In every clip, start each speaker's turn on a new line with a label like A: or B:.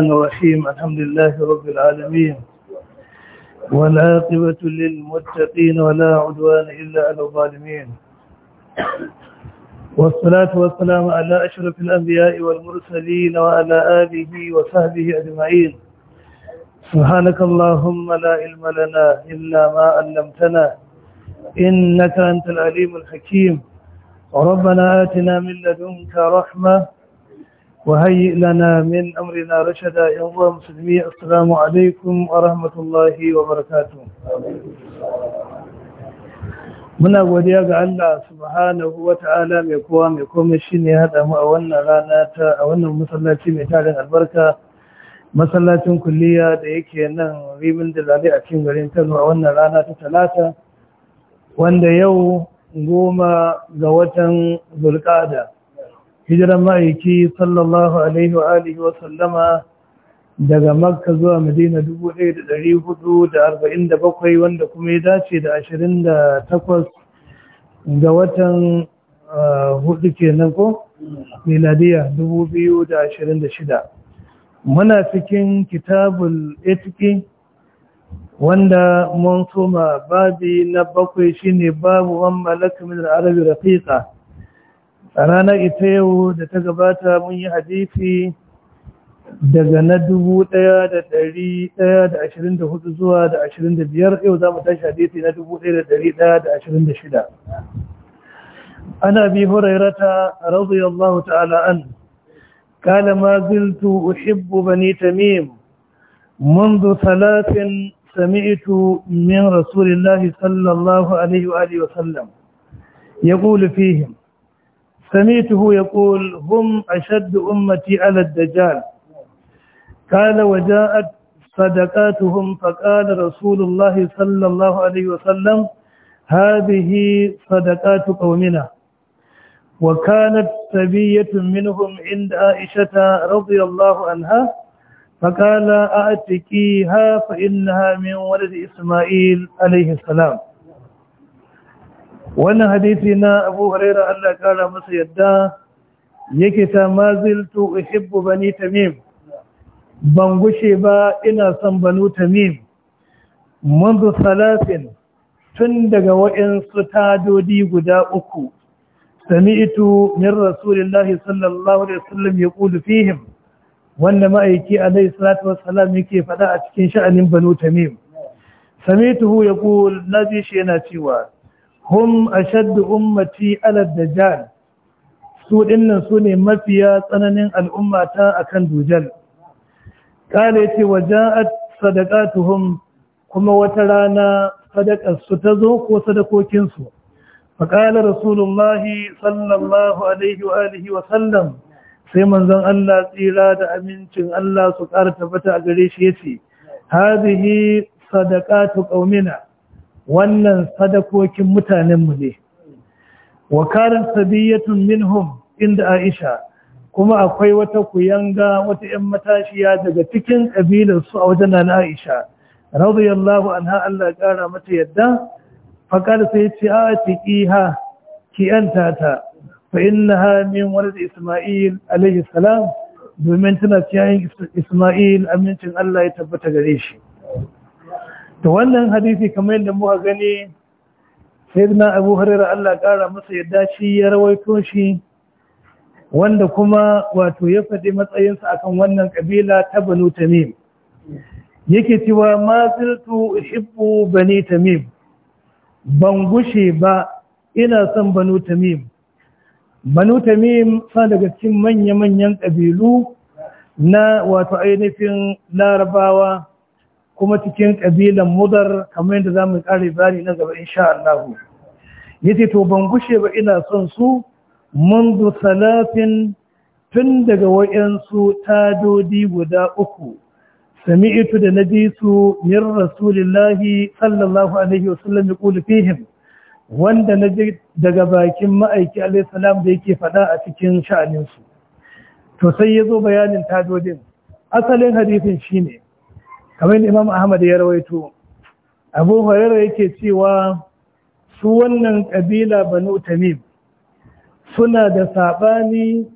A: الرحيم الحمد لله رب العالمين
B: والعاقبة
A: للمتقين ولا عدوان إلا على الظالمين والصلاة والسلام على أشرف الأنبياء والمرسلين وعلى آله وصحبه أجمعين سبحانك اللهم لا علم لنا إلا ما علمتنا إنك أنت العليم الحكيم ربنا آتنا من لدنك رحمة وهيئ لنا من أمرنا رشدا يا الله مسلمي السلام عليكم ورحمة الله وبركاته muna godiya ga Allah subhanahu wa ta'ala mai kowa mai komai shine ya haɗa mu a wannan rana ta a wannan masallaci mai tarin albarka masallacin kulliya da yake nan rimin dalali a cikin garin Kano a wannan rana ta talata wanda yau goma ga watan zulqada hijiran ma'aiki sallallahu alaihi wa alihi wa sallama daga makka zuwa madina 1447 wanda kuma ya dace da 28 ga watan hudu kenan ko miladiya 2026 muna cikin kitabul etiki wanda mun soma babi na bakwai shine babu wan malaka min arabi rafiqa a ranar ita yau da ta gabata mun yi hadisi daga na dubu ɗaya da ɗari ɗaya da ashirin da hudu zuwa da ashirin da biyar yau za mu tashi hadisi na dubu ɗaya da ɗari ɗaya da ashirin da shida ana bi hurairata radiyallahu ta'ala an kala ma ziltu uhibbu bani tamim منذ ثلاث سمعت من رسول الله صلى الله عليه وآله وسلم يقول فيهم سمعته يقول هم أشد أمتي على الدجال قال وجاءت صدقاتهم فقال رسول الله صلى الله عليه وسلم هذه صدقات قومنا وكانت سبية منهم عند عائشة رضي الله عنها فقال أعتكيها فإنها من ولد إسماعيل عليه السلام wannan hadisi na abu huraira Allah kara masa yadda yake ta maziltu uhibbu bani tamim ban gushe ba ina son banu tamim منذ salatin tun daga waɗansu tadodi guda uku sami'tu min rasulillahi sallallahu alaihi wasallam yaqulu fihim wanda ma'aiki alaihi salatu wassalam yake faɗa a cikin sha'anin banu tamim sami'tuhu yaqul nabi shi yana cewa hum ashaddu ummati ala dajjal su dinnan su ne mafiya tsananin al'ummata akan dujal kale ce waja'at sadaqatuhum kuma wata rana sadakar su ta zo ko sadakokin su faqala rasulullahi sallallahu alaihi wa alihi wa sallam sai manzon Allah tsira da amincin Allah su ƙara tabbata a gare shi yace hadhihi sadaqatu qaumina wannan sadakokin mutanenmu ne wa karin sabiyatun minhum inda aisha kuma akwai wata kuyanga wata 'yan matashiya daga cikin ƙabilarsu a wajen na aisha radiyallahu anha Allah ƙara mata yadda faƙar sai ce a tiƙiha ki yanta ta fa innaha min walad isma'il alaihi salam domin tana ciyayin isma'il amincin Allah ya tabbata gare shi to wannan hadisi kamar yadda muka gani sayyidina Abu Hurairah Allah kara masa yadda shi ya rawaito shi wanda kuma wato ya faɗi matsayinsa akan wannan kabila ta Banu Tamim yake cewa ma zirtu uhibbu Bani Tamim ban gushe ba ina son Banu Tamim Banu Tamim sa daga cikin manya-manyan kabilu na wato ainihin Larabawa kuma cikin ƙabilan mudar kamar yadda za mu ƙare bari na gaba insha Allah ya ce to ban gushe ba ina son su منذ salafin tun daga wayansu tadodi guda uku sami'itu da naji su min rasulillahi sallallahu alaihi ya yaqulu fihim wanda naji daga bakin ma'aiki alaihi salam da yake fada a cikin sha'aninsu to sai ya zo bayanin tadodin asalin hadisin shine kamar da imam ahmad ya rawaito abu hurairah yake cewa su wannan kabila banu tamim suna da sabani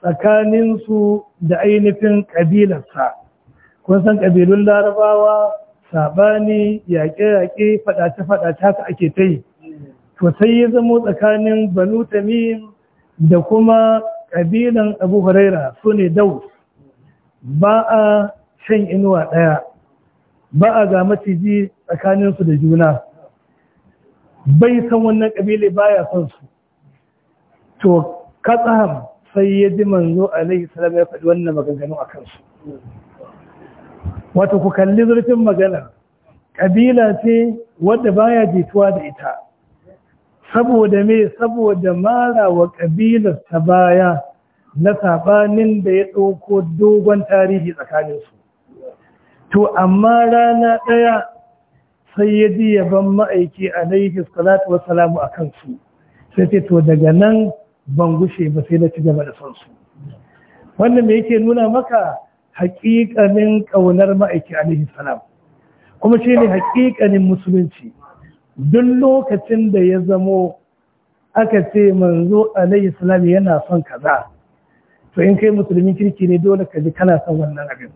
A: tsakaninsu da ainihin kabilarsa kun san kabilun larabawa sabani yaƙe-yaƙe faɗace-faɗace haka ake ta yi to sai ya zamo tsakanin banu tamim da kuma kabilan abu huraira su ne daus ba a shan inuwa ɗaya ba a ga maciji tsakaninsu da juna bai san wannan ba ya son su to katsam sai ya ji manzo alaihi salam ya faɗi wannan maganganu a kansu wato ku kalli zurfin magana, ƙabila ce wadda baya jituwa da ita saboda me saboda mara wa ƙabilar ta baya na sabanin da ya ɗauko dogon tarihi tsakaninsu to amma rana ɗaya sai ya ji yaban ma'aiki alaihi salatu salamu a kansu sai ce to daga nan ban gushe ba sai na ci gaba da sonsu. wannan me yake nuna maka haƙiƙanin ƙaunar ma'aiki alaihi salamu kuma shi ne haƙiƙanin musulunci duk lokacin da ya zamo aka ce manzo alaihi salamu yana son kaza to in kai musulmin kirki ne dole ka ji kana son wannan abin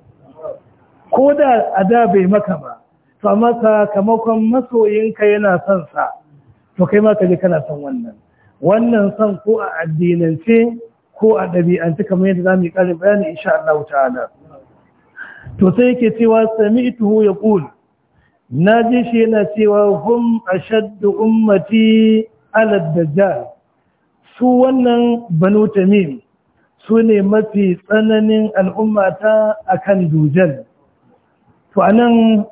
A: ko da a da bai maka ba to amma kamakon masoyinka yana son sa to kai ma ka na son wannan wannan son ko a addinance ko a ɗabi'ance kamar yadda za mu yi ƙarin bayani insha Allah ta'ala to sai yake cewa sami'tuhu yaqul na ji shi yana cewa hum ashaddu ummati ala dajjal su wannan banu tamim su ne mafi tsananin al'ummata akan dujal to anan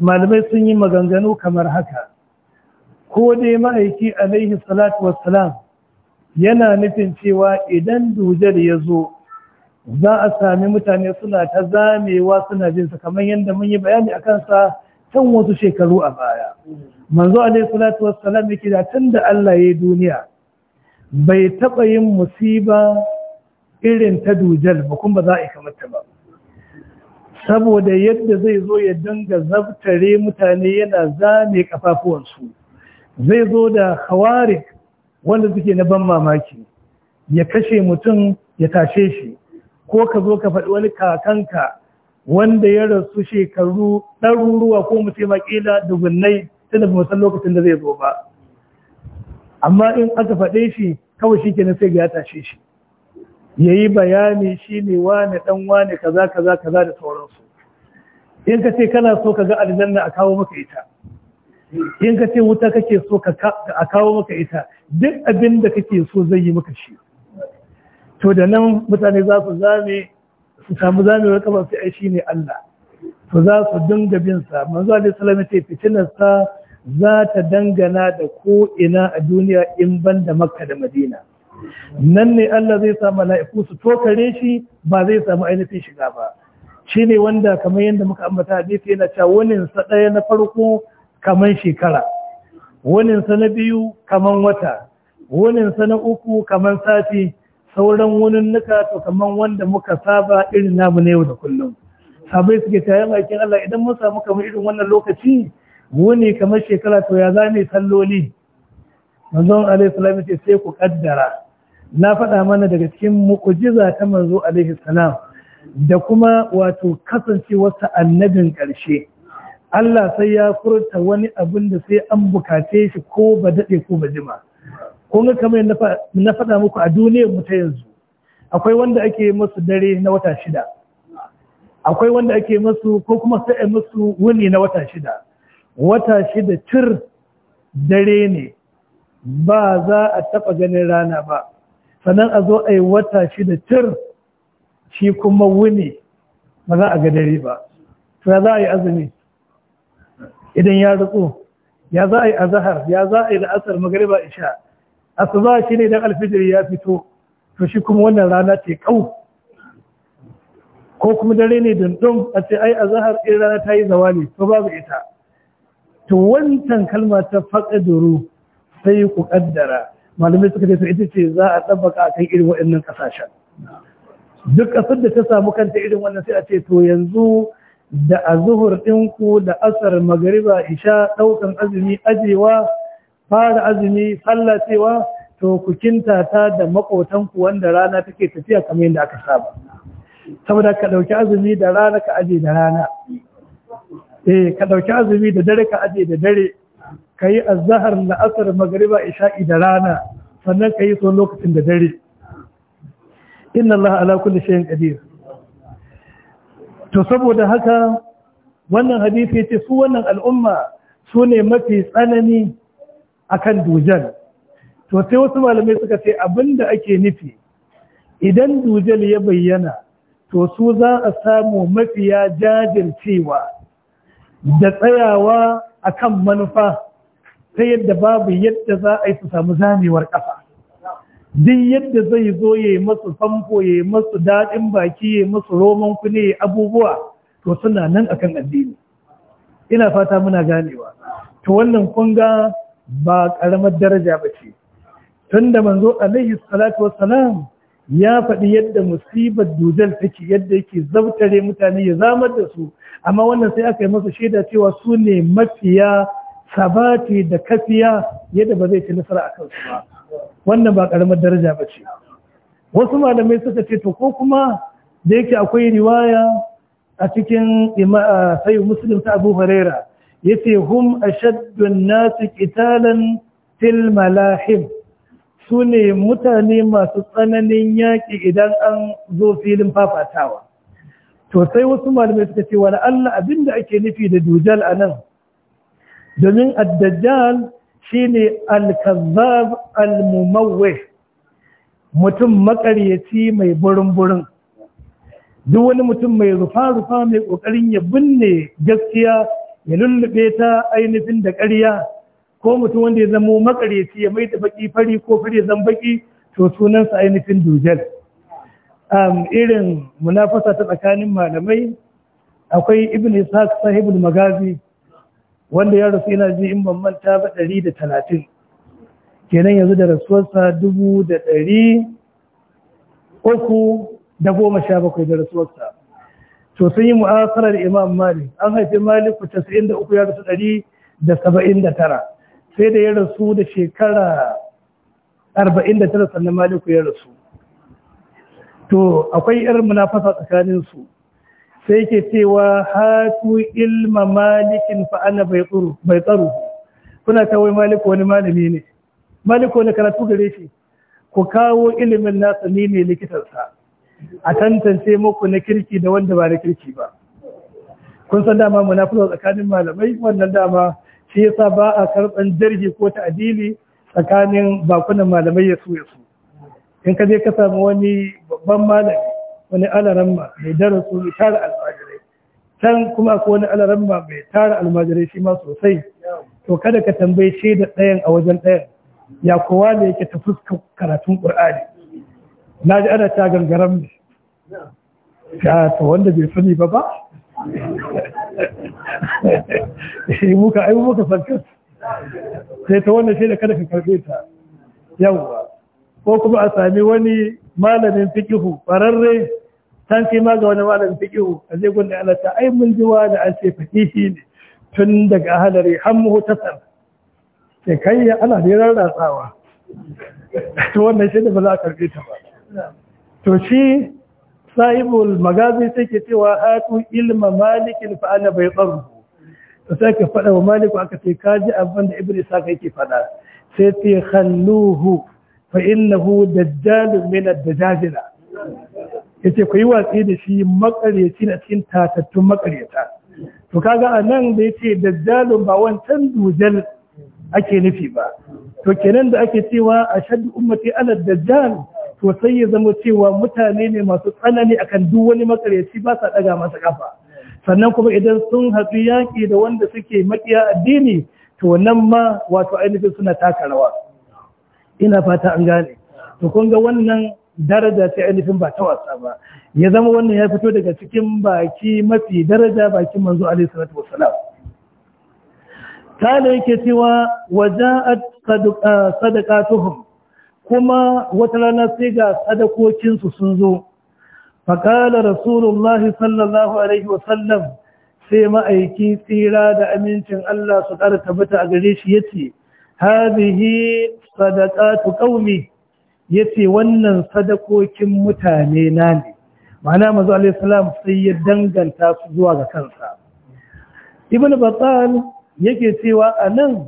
A: malamai sun yi maganganu kamar haka ko dai ma'aiki alaihi salatu wassalam yana nufin cewa idan dujar ya zo za a sami mutane suna ta zamewa suna jinsa kamar yadda mun yi bayani a kansa can wasu shekaru a baya manzo alaihi salatu wassalam yake da tun da Allah ya yi duniya bai taɓa yin musiba irin ta dujal ba kuma ba za a yi kamar ba saboda yadda zai zo ya dinga zabtare mutane yana zame kafafuwansu zai zo da hawarik wanda suke na ban mamaki ya kashe mutum ya tashe shi ko ka zo ka faɗi wani kakanka wanda ya rasu shekaru ɗaruruwa ko mu ma ƙila dubunnai tunda ba san lokacin da zai zo ba amma in aka faɗe shi kawai shi kenan sai ga ya tashe shi ya yi bayani shi ne wane ɗan wane kaza kaza kaza da sauransu in ka ce kana so ka ga aljanna a kawo maka ita in ka ce wuta kake so a kawo maka ita duk abin da kake so zai yi maka shi to da nan mutane za su zame su samu zamewar kamar su ai ne Allah to za su dinga bin sa manzo Allah sallallahu alaihi fitinar sa za ta dangana da ko ina a duniya in ban da Makka da Madina nan ne Allah zai sa mala'iku su tokare shi ba zai samu ainihin shiga ba shi ne wanda kamar yadda muka ambata hadisi yana cewa wani sa ɗaya na farko kamar shekara wanin sa na biyu kamar wata wanin sa na uku kamar sati sauran wani nuka to kamar wanda muka saba irin namu na yau da kullum sabai suke yawan aikin Allah idan mun samu kamar irin wannan lokaci wani kamar shekara to ya zame salloli manzon alaihi salam ce sai ku kaddara na faɗa mana daga cikin mu'ujiza ta manzo alaihi salam da kuma wato kasancewarsa annabin ƙarshe Allah sai ya furta wani abin da sai an bukace shi ko ba daɗe ko ba jima kun ga kamar na faɗa muku a duniyar mu ta yanzu akwai wanda ake masu dare na wata shida akwai wanda ake masu ko kuma sai masu wuni na wata shida wata shida cir dare ne ba za a taɓa ganin rana ba sannan a zo a yi wata shi da tir shi kuma wuni ba za a ga dare ba to ya za a yi azumi idan ya rutsu ya za a yi azahar ya za a yi la'asar magariba isha asuba shi ne idan alfijir ya fito to shi kuma wannan rana ce kau ko kuma dare ne dundum a ce ai azahar in rana ta yi zawali to babu ita to wancan kalma ta duru sai ku ƙaddara malamai suka ce ita ce za a ɗabbaka a kan irin waɗannan ƙasashen duk ƙasar da ta samu kanta irin wannan sai a ce to yanzu da a zuhur ɗinku da asar magariba isha ɗaukan azumi ajewa fara azumi sallacewa to ku kinta ta da maƙotanku wanda rana take tafiya kamar yadda aka saba saboda ka ɗauki azumi da rana ka aje da rana eh ka ɗauki azumi da dare ka aje da dare ka yi azahar la'asar magariba isha'i da rana sannan ka yi son lokacin da dare inna Allah ala kulli shay'in qadir to saboda haka wannan hadisi ce su wannan al'umma su ne mafi tsanani akan dujal to sai wasu malamai suka ce abinda ake nufi idan dujal ya bayyana to su za a samu mafiya jajircewa da tsayawa akan manufa ta yadda babu yadda za a yi su samu zamewar ƙasa duk yadda zai zo ya yi masu famfo ya yi masu daɗin baki ya yi masu roman kune ya abubuwa to suna nan akan addini ina fata muna ganewa to wannan kunga ba ƙaramar daraja ba ce tun da manzo alaihi salatu wassalam ya faɗi yadda musibar dujal take yadda yake zabtare mutane ya zamar da su amma wannan sai aka yi masa shaida cewa su ne mafiya sabati da kafiya yadda ba zai ci nasara a kansu ba wannan ba karamar daraja ba ce wasu malamai suka ce to ko kuma da yake akwai riwaya a cikin sayu muslim ta abu harera ya ce hum shaddun nasu italan fil malahim su ne mutane masu tsananin yaƙi idan an zo filin fafatawa to sai wasu malamai suka ce wani Allah abinda ake nufi da dujal a nan domin addajjal shi ne kazzab almumawwe mutum makaryaci mai burin-burin duk wani mutum mai rufa-rufa mai ƙoƙarin ya binne gaskiya ya lullube ta ainihin da ƙarya ko mutum wanda ya zama makaryaci ya mai da baki fari ko fari zan baƙi, to sunansa ainihin dujal irin munafasa ta tsakanin malamai akwai ibn ishaq sahibul magazi wanda ya rasu yana ji in ban manta ba ɗari da talatin kenan yanzu da rasuwarsa dubu da ɗari uku da goma sha bakwai da rasuwarsa to sun yi mu'asarar imam mali. an haifi maliku tasa'in da uku ya rasu ɗari da saba'in da tara sai da ya rasu da shekara arba'in da tara sannan maliku ya rasu to akwai irin munafasa tsakaninsu sai ke cewa hatu ilma malikin fa'ana bai tsaro kuna kawai maliku wani malami ne Malik wani karatu gare shi ku kawo ilimin nasa ne ne likitarsa, a tantance muku na kirki da wanda ba na kirki ba kun san dama munafurwa tsakanin malamai wannan dama shi yasa ba a karɓar jirgi ko ta'adili tsakanin bakunan malamai ya su ya su in ka je ka samu wani babban malami wani alaramma mai darasu mai tara can kuma ko wani alaramma mai tara almajirai shi ma sosai to kada ka tambaye shaida ɗayan a wajen ɗayan ya kowa da yake ta fuska karatun ƙur'ani na ji ana ta gangaran mu ya ta wanda bai sani ba ba shi eh, muka ai muka sarkar sai ta wannan shaida kada ka karɓe ta yawa ko kuma a sami wani malamin fikihu ƙwararre san fi ma ga wani malam fiqihu azai gunda Allah ta ai mun ji da an ce faqihi ne tun daga halari ta san sai kai ya ana da rarratsawa to wannan shi ne ba za ta ba to shi sahibul magazi sai ke cewa hatu ilma malikin fa ana bai tsaro to sai ka fada wa maliku aka ce ka ji abin da iblis ka yake fada sai ce khalluhu fa innahu dajjalun min ad-dajajila ya ce ku yi watsi da shi makaryaci na cikin tatattun makaryata to kaga a nan da ya ce dajjalun ba wancan dujal ake nufi ba to kenan da ake cewa a shaddu ummati ala dajjal to sai ya zama cewa mutane ne masu tsanani akan duk wani makaryaci ba sa daga masa kafa sannan kuma idan sun haɗu yaƙi da wanda suke maƙiya addini to wannan ma wato ainihin suna taka rawa ina fata an gane to kun ga wannan daraja ta ainihin ba ta wasa ba ya zama wannan ya fito daga cikin baki mafi daraja bakin manzo alaihi salatu kana yake cewa waja'at ah, sadaqatuhum kuma wata rana sai ga sadakokin su sun zo faqala rasulullahi sallallahu alaihi wasallam sai ma'aiki tsira da amincin Allah su ƙara tabbata a gare shi yace hadhihi sadaqatu qaumi ya ce wannan sadakokin mutane na ne ma'ana mazu alaihissalam sai ya danganta su zuwa ga kansa ibn batal yake cewa a nan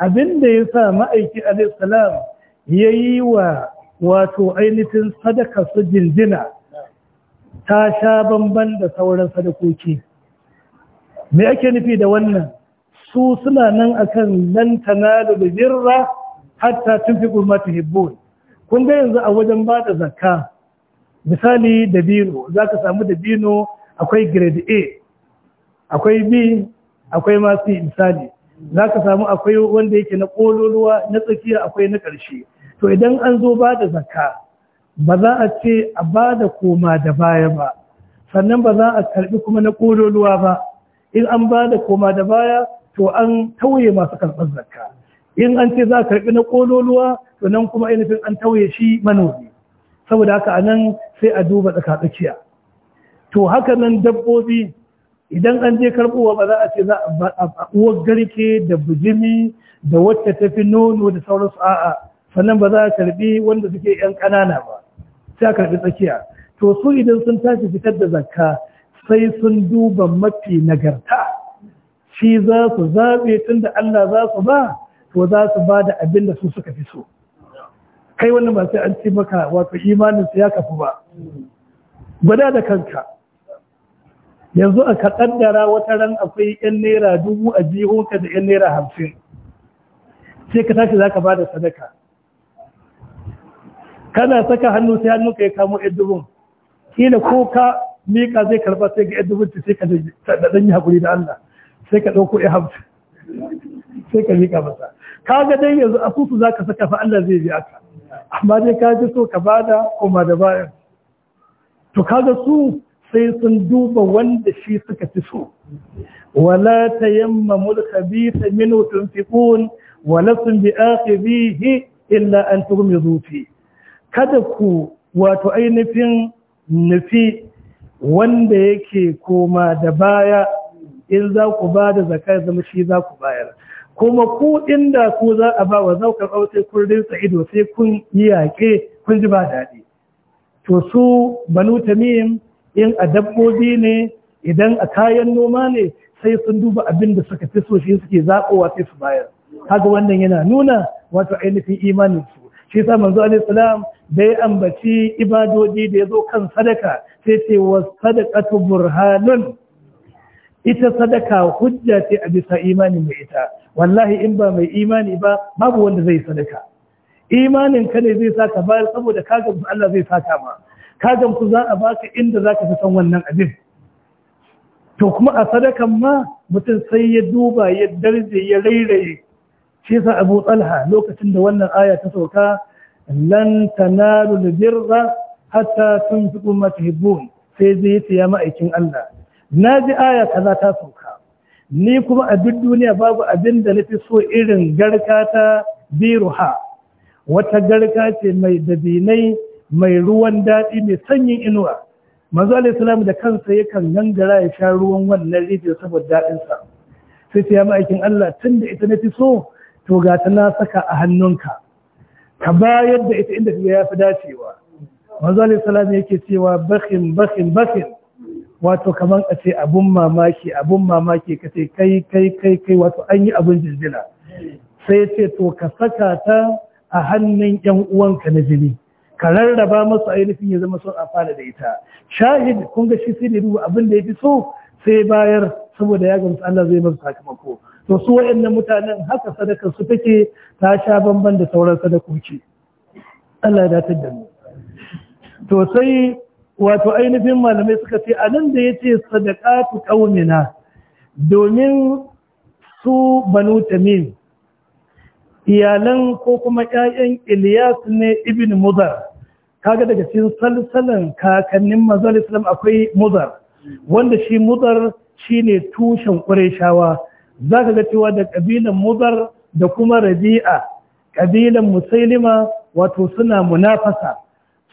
A: abinda ya sa ma'aiki alaihissalam ya yi wa wato ainihin sadaka su jinjina ta sha bamban da sauran sadakoki me ake nufi da wannan su suna nan akan nan da birra hatta tun fi ma hibbon. kun ga yanzu a wajen ba da zakka misali dabino za ka samu dabino akwai grade a akwai b akwai masu misali za ka samu akwai wanda yake na ƙololuwa na tsakiya akwai na ƙarshe to idan an zo ba da zakka ba za a ce a ba da koma da baya ba sannan ba za a karɓi kuma na ƙololuwa ba in an ba da koma da baya to an tauye masu karɓar zakka in an ce za a karɓi na ƙololuwa to nan kuma ainihin an tauye shi manomi saboda haka nan sai a duba tsakatsakiya to haka nan dabbobi idan an je karɓowa ba za a ce za a uwar garke da bujimi da wacce ta fi nono da sauransu a'a sannan ba za a karɓi wanda suke yan ƙanana ba sai a karɓi tsakiya to su idan sun tashi fitar da zakka sai sun duba mafi nagarta shi za su zaɓe tun da Allah za su ba to za su ba da abin da su suka fi so kai wani ba sai an ce maka wato imanin su ya kafu ba gwada da kanka yanzu a ka kaddara wata ran akwai yan naira dubu a jihonka da yan naira hamsin sai ka tashi za ka ba da sadaka kana saka hannu sai hannu ka ya kamo yan dubun kila ko ka mika zai karba sai ga yan dubun sai ka da ɗan haƙuri da Allah sai ka ɗauko yan hamsin sai ka mika masa kaga dai yanzu asusu ka saka fa Allah zai biya ka amma dai ka ji so ka bada kuma da bayan to kaga su sai sun duba wanda shi suka fi so wala tayammamu al-khabitha minhu tunfiqun wala sun bi akhibihi illa an tughmidu fi kada ku wato ainihin nufi wanda yake koma da baya in za ku ba da zakar zama shi za ku bayar kuma ku inda ku za a ba wa zaukar aure kun rinsa ido sai kun yi yaƙe kun ji ba daɗi to su banu tamim in a dabbobi ne idan a kayan noma ne sai sun duba abin da suka fi so shi suke zaɓowa sai su bayar haka wannan yana nuna wato ainihin imanin su shi sa manzo alaihi salam da ya ambaci ibadodi da ya zo kan sadaka sai ce wa sadaqatu burhanun ita sadaka hujja ce a bisa imanin mai ita wallahi in ba mai imani ba babu wanda zai sadaka imanin ka ne zai saka bayar saboda ka gamsu Allah zai saka ma ka gamsu za a baka inda za ka fi san wannan abin to kuma a sadakan ma mutum sai ya duba ya darje ya rairaye shi Abu tsalha lokacin da wannan aya ta sauka lan tanalu albirra hatta tunfiqu ma tuhibbun sai zai ce ya ma'aikin Allah naji aya kaza ta sauka ni kuma a duk duniya babu abin da nafi so irin garka ta biruha wata garka ce mai dabinai mai ruwan daɗi mai sanyin inuwa mazu alaihi da kansa yakan gangara ya sha ruwan wannan rijiyar saboda daɗinsa. sai ta ma'aikin Allah tun da ita nafi so to ga ta na saka a hannunka ka bayar da ita inda ya fi dacewa mazu alaihi yake cewa bakin bakin bakin wato kamar a ce abun mamaki abun mamaki ka ce kai kai kai kai wato an yi abun jirgina sai ya ce to ka saka ta a hannun yan uwanka na jini ka rarraba masu ainihin ya zama sun amfana da ita shahid kun ga shi sai ne duba abin da ya fi so sai bayar saboda ya gamsu Allah zai masa sakamako to su waɗannan mutanen haka sadakar su take ta sha bamban da sauran sadakoki Allah ya datar da mu to sai wato ainihin malamai suka ce a nan da ya ce sadaka ku ƙaunina domin su banu tamim iyalan ko kuma ƴaƴan Ilyas ne ibn Muzar kaga daga cikin salsalan kakannin manzon Islam akwai Muzar wanda shi Muzar shine tushen Qurayshawa zaka ga cewa da kabilan Muzar da kuma Rabi'a kabilan Musailima wato suna munafasa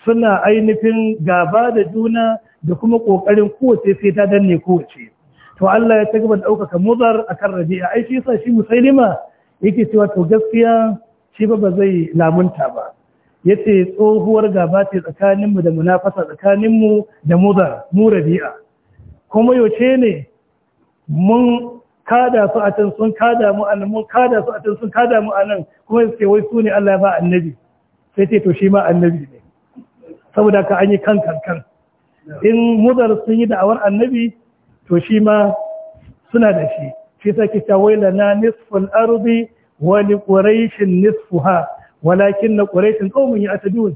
A: suna ainihin gaba da juna da kuma ƙoƙarin kowace sai ta danne kowace to Allah ya taɓa gaba da ɗaukaka mudar akan rabi'a ai shi yasa shi musailima yake cewa to gaskiya shi ba ba zai lamunta ba yace tsohuwar gaba ce tsakaninmu da munafasa tsakaninmu da mudar mu rabi'a kuma yaushe ne mun kada su a can sun kada mu anan mun kada su a can sun kada mu anan kuma sai wai su ne Allah ya ba annabi sai ce to shi ma annabi ne saboda ka an yi kan kankan in mudar sun yi da'awar annabi to shi ma suna da shi shi sa kita waila na nisful ardi wa li quraishin nisfuha walakin na quraishin qaumun ya'tadun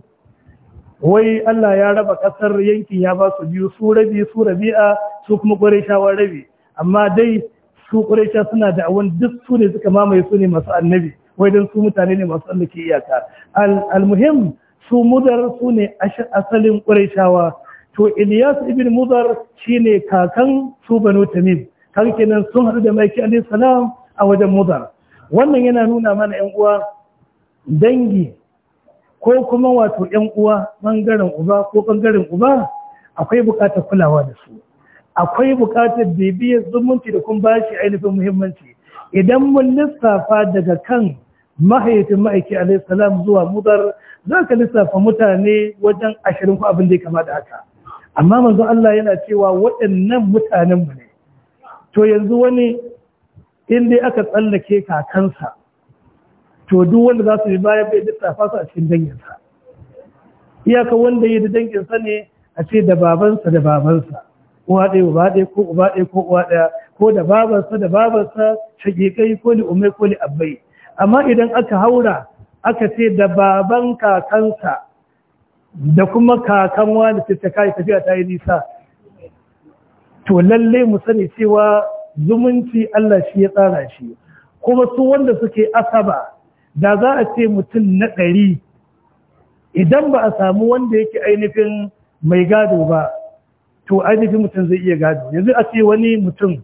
A: wai Allah ya raba kasar yankin ya ba su biyu su rabi su rabi'a su kuma quraishawa rabi amma dai su quraisha suna da awan duk su ne suka mamaye su ne masu annabi wai dan su mutane ne masu Allah iyaka al muhim su mudar su ne asalin ƙuraishawa to Ilyas ibn mudar ne kakan su banu tamim har kenan sun haɗu da maki alaihi salam a wajen mudar wannan yana nuna mana yan uwa dangi ko kuma wato yan uwa bangaren uba ko bangaren uba akwai buƙatar kulawa da su akwai buƙatar bibiyar zumunci da kuma bashi ainihin muhimmanci idan mun lissafa daga kan mahaifin ma'aiki a salam zuwa mudar za ka lissafa mutane wajen ashirin ko abin da ya kama da haka amma manzo Allah yana cewa waɗannan mutanen mu ne to yanzu wani in dai aka tsallake kakansa to duk wanda za su yi baya bai lissafa su a cikin danginsa iyaka wanda ya da danginsa ne a ce da babansa da babansa uwa ɗaya uba ɗaya ko uba ɗaya ko uwa ɗaya ko da babansa da babansa shagiƙai ko ni umai ko ni abai. amma idan aka haura aka ce da baban kakansa da kuma kakan wani ta kai tafiya ta yi nisa to lalle mu sani cewa zumunci Allah shi ya tsara shi kuma su wanda suke asaba da za a ce mutum na ɗari idan ba a samu wanda yake ainihin mai gado ba to ainihin mutum zai iya gado yanzu a ce wani mutum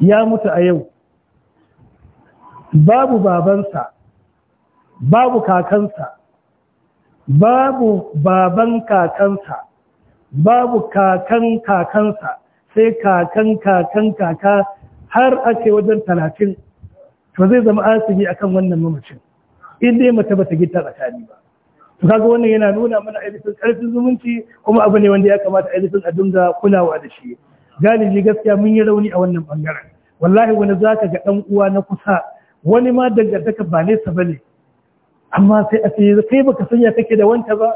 A: ya mutu a yau babu babansa babu kakansa babu baban kakansa babu kakan kakansa sai kakan kakan kaka har ake wajen talatin to zai zama asibi akan wannan mamacin in dai mace bata gita tsakani ba to kaga wannan yana nuna mana ainihin karfin zumunci kuma abu ne wanda ya kamata ainihin a dinga kulawa da shi galibi gaskiya mun yi rauni a wannan bangaren wallahi wani zaka ga dan uwa na kusa wani ma dangantaka ba nesa ba ne amma sai a sai kai baka sanya kake da wanta ba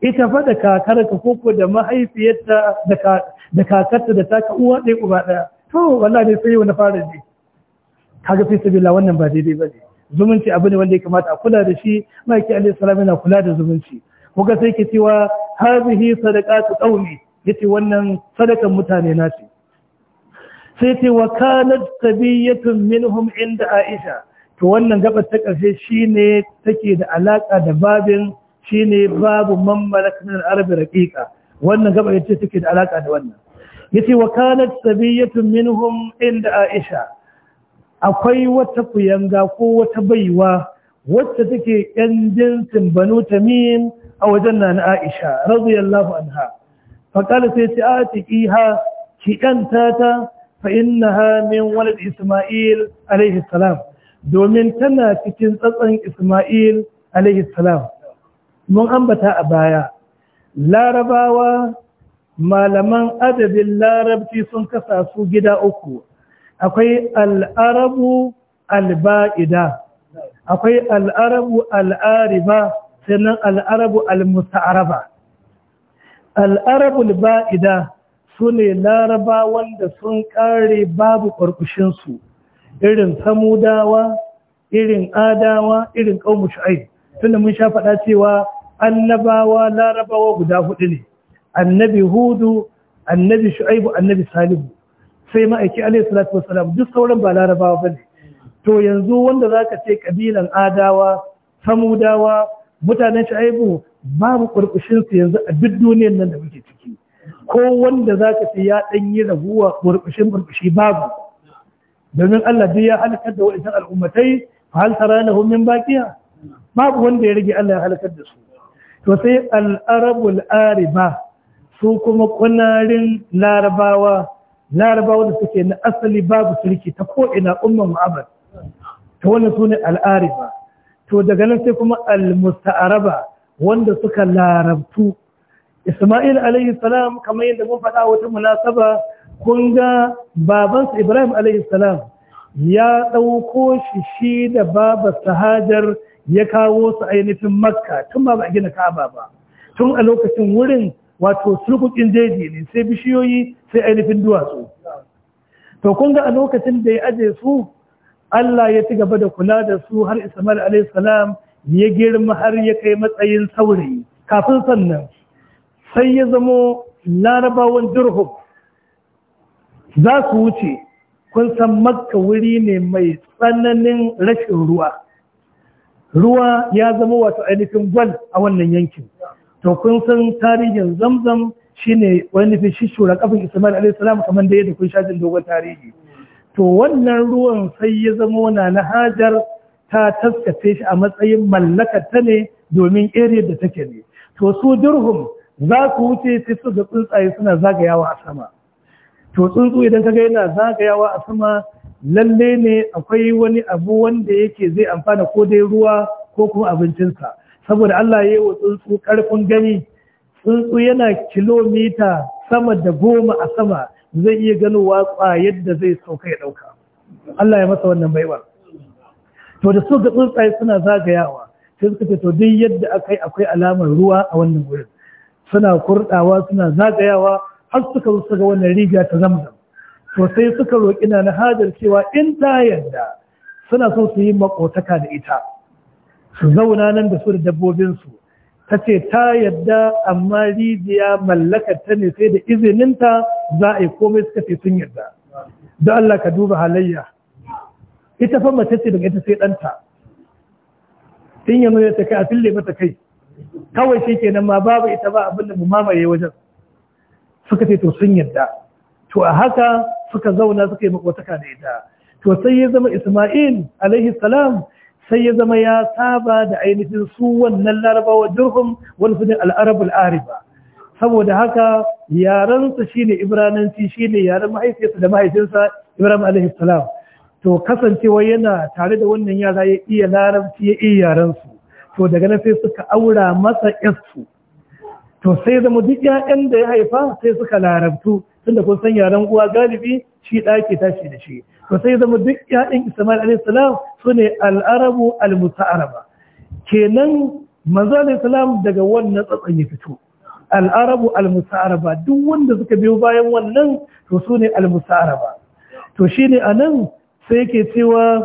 A: ita fa da kakarka koko da mahaifiyarta da kakarta da taka uwa ɗaya uba ɗaya to wallahi ne sai wani fara Ka kaga fi sabila wannan ba daidai ba ne zumunci abu ne wanda ya kamata a kula da shi maki alayhi salam yana kula da zumunci kuga sai ke cewa hazihi sadaqatu qaumi yace wannan sadakan mutane na ce sai ce wa kanat minhum inda Aisha to wannan gabar ta ƙarshe ne take da alaƙa da babin shine babu mamlakatul arabi raqiqa wannan gabar ce take da alaƙa da wannan yace wa kanat sabiyatun minhum inda Aisha akwai wata kuyanga ko wata baiwa wacce take yan jinsin Banu Tamim a wajen na Aisha radiyallahu anha faqala sai ce atiqiha ki kanta ta fa innaha min walad Isma'il alaihi salam domin tana cikin tsatsan Isma'il alaihi salam mun ambata a baya larabawa malaman adabin larabci sun kasa su gida uku akwai al'arabu alba'ida akwai al'arabu al'ariba sannan al'arabu al-musta'araba al'arabu alba'ida su ne laraba wanda sun kare babu ƙwarƙushinsu irin samudawa irin adawa irin ƙaumu shu'aib tunda mun sha faɗa cewa annabawa larabawa guda hudu ne annabi hudu annabi shu'aibu annabi salihu sai ma'aiki alaihi salatu wasalam duk sauran ba larabawa ba ne to yanzu wanda za ka ce ƙabilan adawa samudawa mutanen shu'aibu babu ƙwarƙushinsu yanzu a duk duniyar nan da muke ciki ko wanda za ka ya ɗan yi raguwa burbushin burbushi babu domin Allah duk ya halakar da wa'annan al'ummatai fa hal tara lahum min baqiya babu wanda ya rage Allah ya halakar da su to sai al-arabul ariba su kuma kunarin larabawa larabawa da suke na asali babu sulki ta ko ina umman mu'abad ta wannan sune al-ariba to daga nan sai kuma al-musta'araba wanda suka larabtu Isma'il alaihi salam kamar yadda mun faɗa wata munasaba kun ga babansa Ibrahim alaihi salam ya ɗauko shi shi da Baba Sahajar ya kawo su ainihin Makka tun ba ba gina Ka'aba ba tun a lokacin wurin wato sulkukin jeji ne sai bishiyoyi sai ainihin duwatsu to kun ga a lokacin da ya aje su Allah ya ci gaba da kula da su har Isma'il alaihi salam ya girma har ya kai matsayin saurayi kafin sannan sai ya zamo larabawan durhum za su wuce kun san makka wuri ne mai tsananin rashin ruwa ruwa ya zama wato ainihin gwal a wannan yankin to kun san tarihin zamzam shine wani shi shura kafin ismail alaihi salam kamar da yadda kun shajin dogon tarihi to wannan ruwan sai ya zama na na hajar ta taskace shi a matsayin mallakar ta ne domin area da take ne to su durhum za ku wuce sai su ga tsuntsaye suna zagayawa a sama to tsuntsu idan ka kaga yana zagayawa a sama lalle ne akwai wani abu wanda yake zai amfana ko dai ruwa ko kuma abincinsa saboda Allah ya yi wa tsuntsu karfin gani tsuntsu yana kilomita sama da goma a sama zai iya ganowa kwa yadda zai sauka ya ɗauka. Allah ya masa wannan baiwa to da su ga tsuntsaye suna zagayawa sai suka ce to duk yadda akai akwai alamar ruwa a wannan wurin suna kurdawa suna zagayawa har suka rusa ga wannan riga ta zamzam to sai suka roƙi na hadar cewa in ta yadda suna so su yi makotaka da ita su zauna nan da su da dabbobinsu ta ce ta yadda amma rijiya mallakar ta ne sai da izininta za a yi komai suka ce sun yadda don Allah ka duba halayya ita fa mace ce daga ita sai ɗanta in yanzu ya ta kai a fille mata kai kawai shi kenan ma babu ita ba abin da mu mamaye wajen suka ce to sun yadda to a haka suka zauna suka yi makotaka da ita to sai ya zama isma'il alaihi salam sai ya zama ya saba da ainihin su wannan larabawa jirhum wani sunan al'arabul ariba saboda haka yarensa shine ibrananci shine yaren mahaifiyarsa da mahaifinsa ibrahim alaihi salam to kasancewa yana tare da wannan yara ya iya larabci ya iya yarensu to daga na sai suka aura masa yasu to sai zama duk ƴaƴan da ya haifa sai suka larabtu tunda kun san yaran uwa galibi shi ɗaki tashi da shi to sai zama duk ƴaƴan Isma'il alayhi salam sune al'arabu al-muta'araba kenan manzo alayhi salam daga wannan tsatsan ya fito al'arabu al duk wanda suka biyo bayan wannan to su ne al to shi ne sai yake cewa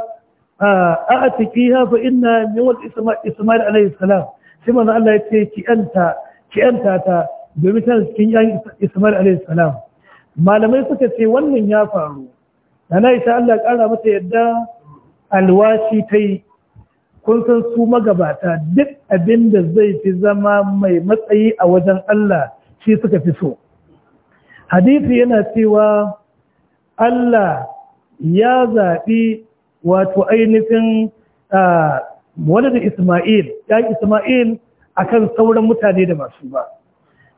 A: a'atikiha fa inna min wal isma'il alayhi salam sai manzo Allah ya ce ki anta ki anta ta domin tana cikin 'yan isma'il alayhi salam malamai suka ce wannan ya faru nana ita Allah kara mata yadda alwashi ta yi kun san su magabata duk abin da zai fi zama mai matsayi a wajen Allah shi suka fi so hadisi yana cewa Allah ya zaɓi wato ainihin wani da Ismail ya Ismail akan sauran mutane da masu ba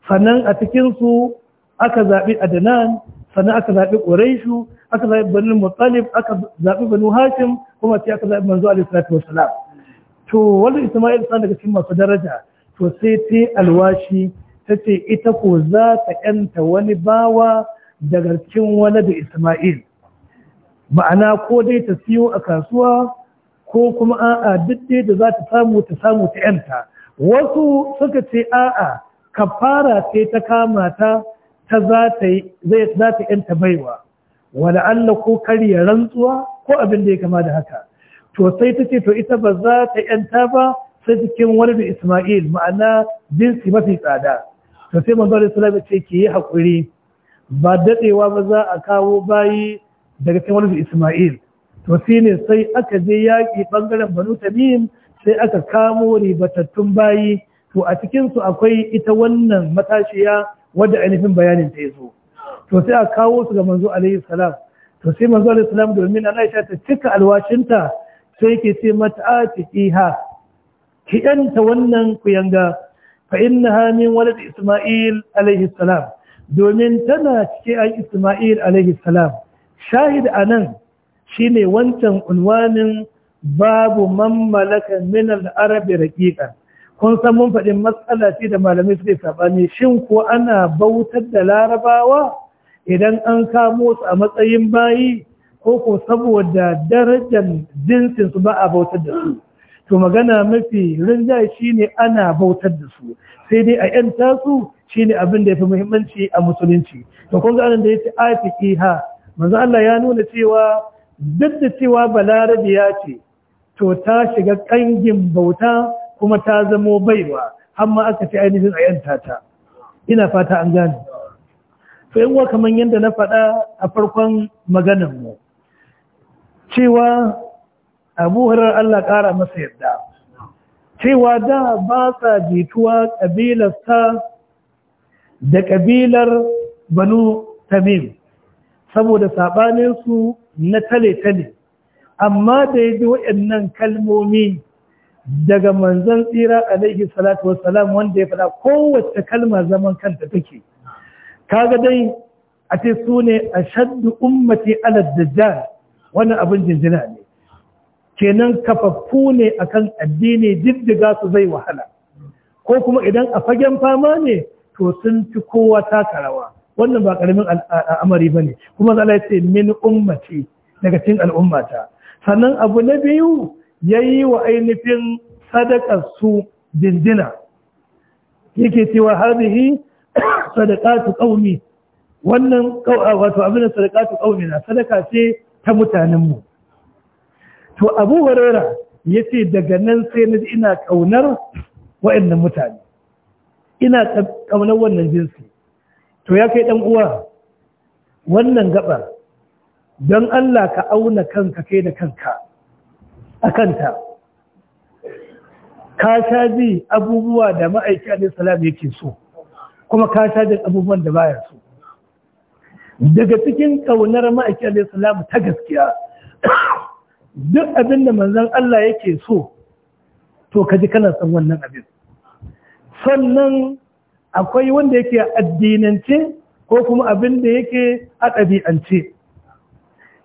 A: sannan a cikinsu aka zaɓi Adnan sannan aka zaɓi Quraishu aka zaɓi Banu Mutsalif aka zaɓi Banu Hashim kuma sai aka zaɓi Manzo Ali Salatu Wassalam to wani Ismail san daga cikin masu daraja to sai ta alwashi ta ce ita ko za ta yanta wani bawa daga cikin wani da Ismail ma'ana ko dai ta siyo a kasuwa ko kuma a'a duk dai da za ta samu ta samu ta yanta wasu suka ce a'a kafara sai ta kama ta ta za ta yanta baiwa wala Allah ko karya rantsuwa ko abin da ya kama da haka to sai ta ce to ita ba za ta yanta ba sai cikin wani da Isma'il ma'ana jinsi mafi tsada to sai manzo Allah ce ki yi hakuri ba dadewa ba za a kawo bayi daga cikin wani Ismail to ne sai aka je yaki bangaren Banu Tamim sai aka kamo ribatattun bayi to a cikinsu akwai ita wannan matashiya wadda ainihin bayanin ta yazo to sai a kawo su ga manzo alaihi salam to sai manzo alaihi salam domin ana ta cika alwashinta sai ke ce mata atiha ah, ki yanta wannan kuyanga fa innaha min walad Ismail alaihi salam domin tana cike an Ismail alaihi salam shahid a nan shi ne wancan unwanin babu mammalaka minal arabi raƙiƙa kun san mun faɗin matsala ce da malamai suke saɓani shin ko ana bautar da larabawa idan an kamo su a matsayin bayi ko ko saboda darajar jinsinsu ba a bautar da su to magana mafi shi ne ana bautar da su sai dai a 'yan tasu shi ne abin da ya fi muhimmanci a musulunci to kun ga da ya ce ha manzo Allah ya nuna cewa duk da cewa balarabi ya ce to ta shiga kangin bauta kuma ta zamo baiwa amma aka ce ainihin a yanta ta ina fata an gane to yan kamar yadda na faɗa a farkon maganar mu cewa abu hurar Allah ƙara masa yadda cewa da ba sa jituwa ta da ƙabilar banu tamim saboda su na tale-tale amma da ya ji kalmomi daga manzon tsira alaihi salatu wassalam wanda ya faɗa kowace kalma zaman kanta take kaga dai a ce su ne a shaddu ummati ala dajjal wannan abin jinjina ne kenan kafaffu ne akan addini diddiga su zai wahala ko kuma idan a fagen fama ne to sun fi kowa taka rawa wannan ba karamin al'amari ba ne kuma zala ya ce min ummati daga cikin al'ummata sannan abu na biyu ya yi wa ainihin sadakar su dindina yake cewa hadihi sadaqatu qaumi wannan wato abin da sadaqatu qaumi na sadaka ce ta mutanenmu. mu to Abu ya ce daga nan sai na ina kaunar wa'annan mutane ina kaunar wannan jinsi to ya kai ɗan uwa wannan gabar don Allah ka auna kanka kai da kanka a kanta ka sha ji abubuwa da ma'aiki salam yake so kuma ka sha ji abubuwan da baya so daga cikin ƙaunar ma'aikiyar salam ta gaskiya duk abin da manzon Allah yake so to ka ji kana san wannan abin sannan akwai wanda yake addinance ko kuma abin da yake a ɗabi'ance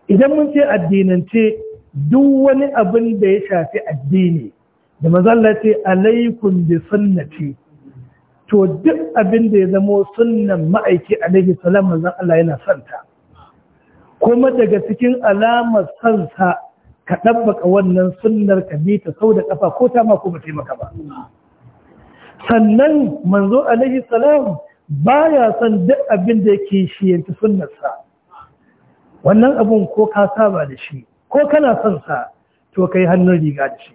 A: idan mun ce addinance duk wani abin da ya shafi addini da mazalla ce alaikum bi sunnati to duk abin da ya zamo sunnan ma'aiki alaihi salam manzon Allah yana santa kuma daga cikin alamar sansa ka ɗabbaka wannan sunnar ka bi ta sau da ƙafa ko ta ma ko ba taimaka ba sannan manzo alaihi salam ya son duk abin da yake shi yanki sunnarsa wannan abun ko ka saba da shi ko kana son sa to kai hannun riga da shi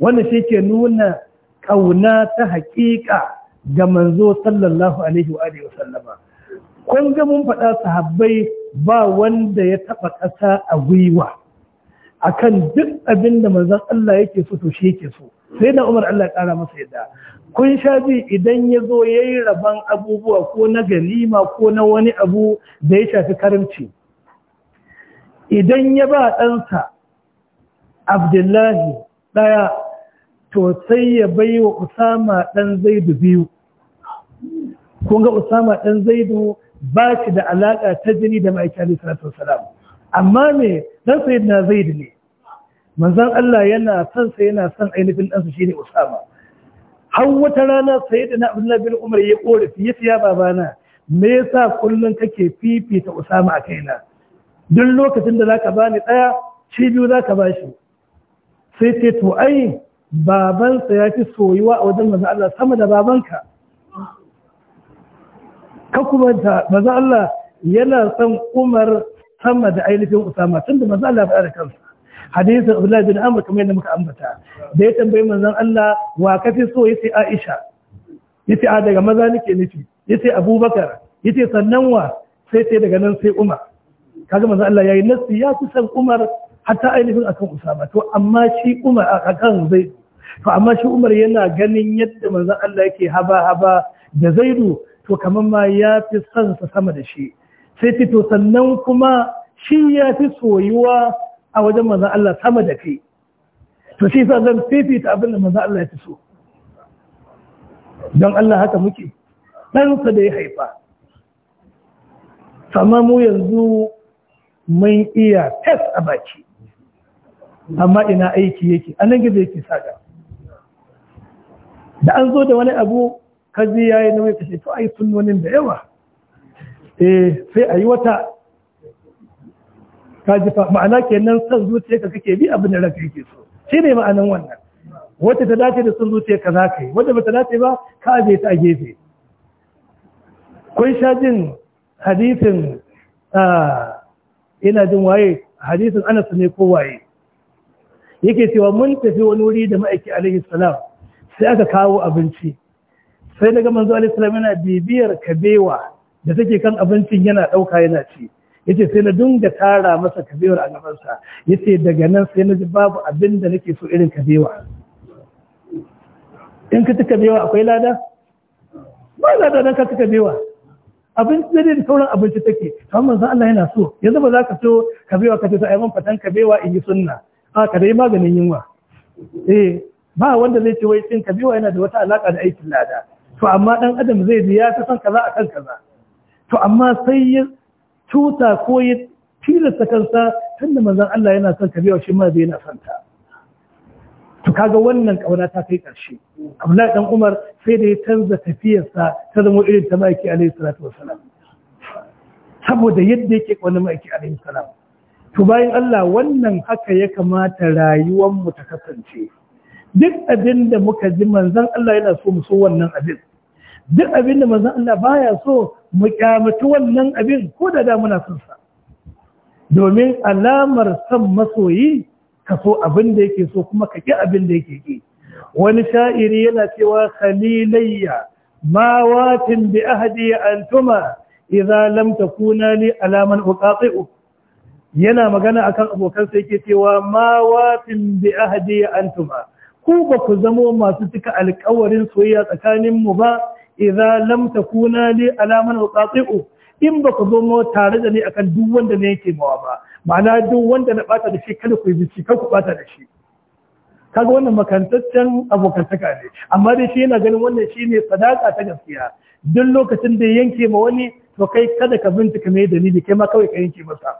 A: wanda shi ke nuna kauna ta haƙiƙa ga manzo sallallahu alaihi wa alihi wasallama kun ga mun faɗa sahabbai ba wanda ya taɓa ƙasa a gwiwa akan duk abin da manzon Allah yake so to shi yake so sai na umar Allah ƙara masa yadda kun sha ji idan ya zo ya yi rabon abubuwa ko na galima ko na wani abu da ya shafi karimci idan ya ba ɗansa abdullahi ɗaya to sai ya bai wa usama ɗan zaidu biyu kun ga usama ɗan zaidu ba shi da alaƙa ta jini da ma'aikali salatu wasalam amma me ɗan sayid na zaidu ne manzan Allah yana son sa yana son ainihin ɗansa shi ne Usama. Har wata rana sai da na Abdullahi bin Umar ya korafi ya siya babana me ya sa kullum kake fifita Usama a kaina. Duk lokacin da za zaka bani ɗaya shi biyu zaka bashi. Sai ce to ai babansa ya fi soyuwa a wajen manzan Allah sama da babanka. Ka kuma manzan Allah yana son Umar sama da ainihin Usama tunda manzan Allah ya da kansa. hadisin Abdullahi bin Amr kamar yadda muka ambata da ya tambayi manzon Allah wa kafi so yace Aisha yace a daga maza nake nufi yace Abubakar yace sannan wa sai sai daga nan sai Umar kaga manzon Allah yayi nasi ya fi san Umar hatta ainihin akan Usama to amma shi Umar a kan zai to amma shi Umar yana ganin yadda manzon Allah yake haba haba da Zaidu to kamar ma ya fi son sa sama da shi sai fito sannan kuma shi ya fi soyuwa a wajen maza Allah sama da kai to shi sa zan fifita abin da maza Allah ya fi so don Allah haka muke ɗansa da ya haifa sama mu yanzu mun iya fes a baki amma ina aiki yake a nan gizo yake saka da an zo da wani abu kazi ya yi na mai kashe to ai sunnonin da yawa eh sai a yi wata ka ma'ana kenan son zuciyarka kake bi abin da ranka yake so shine ma'anan wannan wacce ta dace da son ka za ka yi ba bata dace ba ka aje ta a gefe kun sha jin hadisin ina jin waye hadisin Anas ne ko waye yake cewa mun tafi wani wuri da ma'aiki alaihi salam sai aka kawo abinci sai na ga manzo alaihi salam yana bibiyar kabewa da take kan abincin yana ɗauka yana ci yace sai na dunga tara masa kabewar a gabansa yace daga nan sai na ji babu abin da nake so irin kabewa in ka ci kabewa akwai lada ba lada dan ka ci kabewa abinci da da sauran abinci take to za Allah yana so yanzu ba za ka so kabewa ka ce sai mun fatan kabewa in yi sunna a ka dai maganin yunwa eh ba wanda zai ce wai cin kabewa yana da wata alaka da aikin lada to amma dan adam zai ji ya ta san kaza akan kaza to amma sai cuta ko ya tilasta kansa da manzan Allah yana son kabewa shi ma zai na santa. to kaga wannan ƙauna ta kai karshe Abdullahi ɗan Umar sai da ya canza tafiyarsa ta zama irin ta Maiki alaihi salatu wasalam saboda yadda yake kauna Maiki alaihi salam to bayan Allah wannan haka ya kamata rayuwar mu ta kasance duk abin da muka ji manzan Allah yana so mu so wannan abin duk abin da manzan Allah baya so mu kyamatu wannan abin ko da da muna son sa domin alamar son masoyi ka so abin da yake so kuma ka ƙi abin da yake ƙi. wani sha'iri yana cewa khalilayya ma watin bi ahdi antuma idza lam takuna li alaman uqati'u yana magana akan abokan sai yake cewa ma watin bi antuma ku ba ku zamo masu cika alƙawarin soyayya tsakanin mu ba idza lam takuna li ala man in ba ku zo tare da ni akan duk wanda ne yake mawa ba ma'ana duk wanda na bata da shi kada ku yi bici ku bata da shi kaga wannan makantaccen abokantaka ne amma dai shi yana ganin wannan ne sadaka ta gaskiya duk lokacin da yanke ma wani to kai kada ka bincika mai dalili kai ma kawai ka yanke masa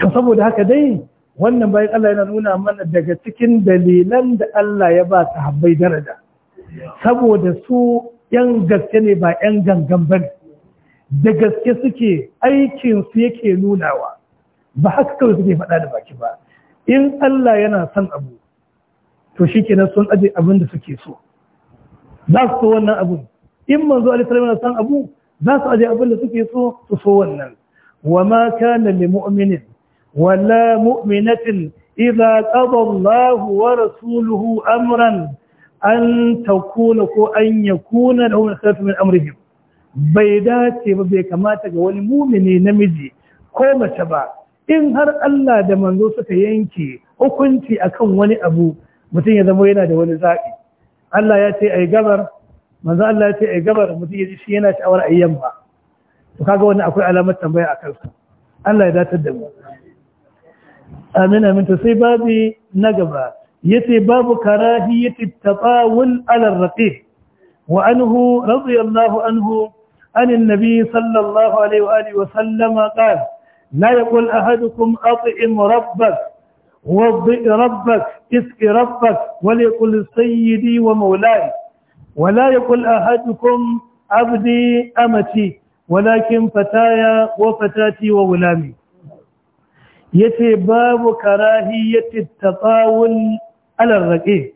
A: to saboda haka dai wannan bayan Allah yana nuna mana daga cikin dalilan da Allah ya ba habbai daraja saboda su yan gaske ne ba yan gangan ba da gaske suke aikin su yake nunawa ba haka kawai suke faɗa da baki ba in Allah yana son abu to shi kenan sun aje abin da suke so za su so wannan abu in manzo alaihi yana son abu za su aje abin da suke so su so wannan wa ma kana lil mu'minin wala mu'minatin idza qada Allahu wa rasuluhu amran an takuna ko an kuna da wani sarfi mai amurki bai dace ba bai kamata ga wani mumini namiji ko mace ba in har Allah da manzo suka yanke hukunci akan wani abu mutum ya zama yana da wani zaɓi Allah ya ce ai gabar manzo Allah ya ce ai gabar mutum ya ji shi yana sha'awar ayyan ba to kaga wannan akwai alamar tambaya a kansa Allah ya datar da mu amin amin to sai babi na gaba يتي باب كراهية التطاول على الرقيب وأنه رضي الله عنه أن النبي صلى الله عليه وآله وسلم قال لا يقول أحدكم أطئم ربك وضئ ربك اسك ربك وليقل سيدي ومولاي ولا يقول أحدكم عبدي أمتي ولكن فتايا وفتاتي وولامي يتي باب كراهية التطاول babu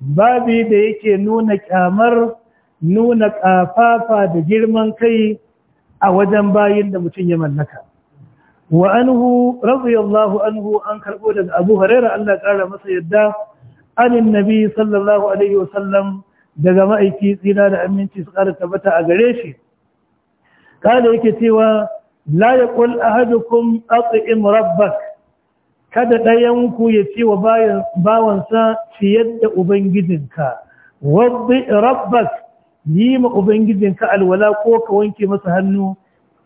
A: babi da yake nuna kyamar nuna ƙafafa da girman kai a wajen bayin da mutum ya mallaka wa anhu radiyallahu anhu an karɓo daga Abu Hurairah Allah ƙara masa yadda anin nabi sallallahu alaihi wasallam daga ma'aiki tsira da aminci su ƙara tabbata a gare shi kada yake cewa la yaqul ahadukum at'im rabbak kada ɗayanku ya ce wa bawansa ciyar da ubangijinka wadda rabbak yi ma ubangijinka alwala ko ka wanke masa hannu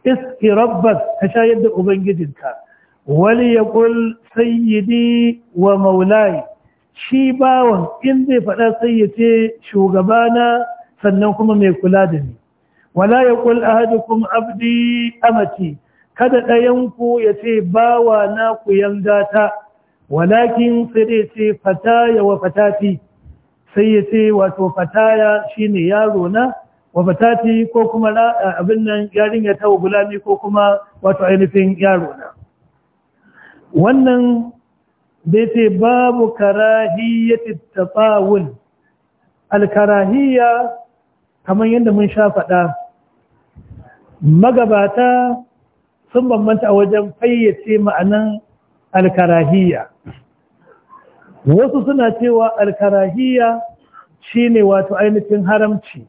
A: iski rabbak ka shayar da ubangijinka wani ya kul sayyidi wa maulai shi bawan in zai faɗa sai ya ce shugabana sannan kuma mai kula da ni wala ya kul ahadukum abdi amati kada ɗayanku ya ce ba wa na ku ta, walakin sai dai ce fataya wa fatati sai ya ce wato fataya shi ne yaro na wa fatati ko kuma abin nan ya ta gulami ko kuma wato ainihin yaro na wannan da ce babu karahiyyati tafawul alkarahiyya kamar yadda mun sha faɗa magabata sun bambanta a wajen fayyace ma'anan alkarahiyya wasu suna cewa alkarahiyya shine wato ainihin haramci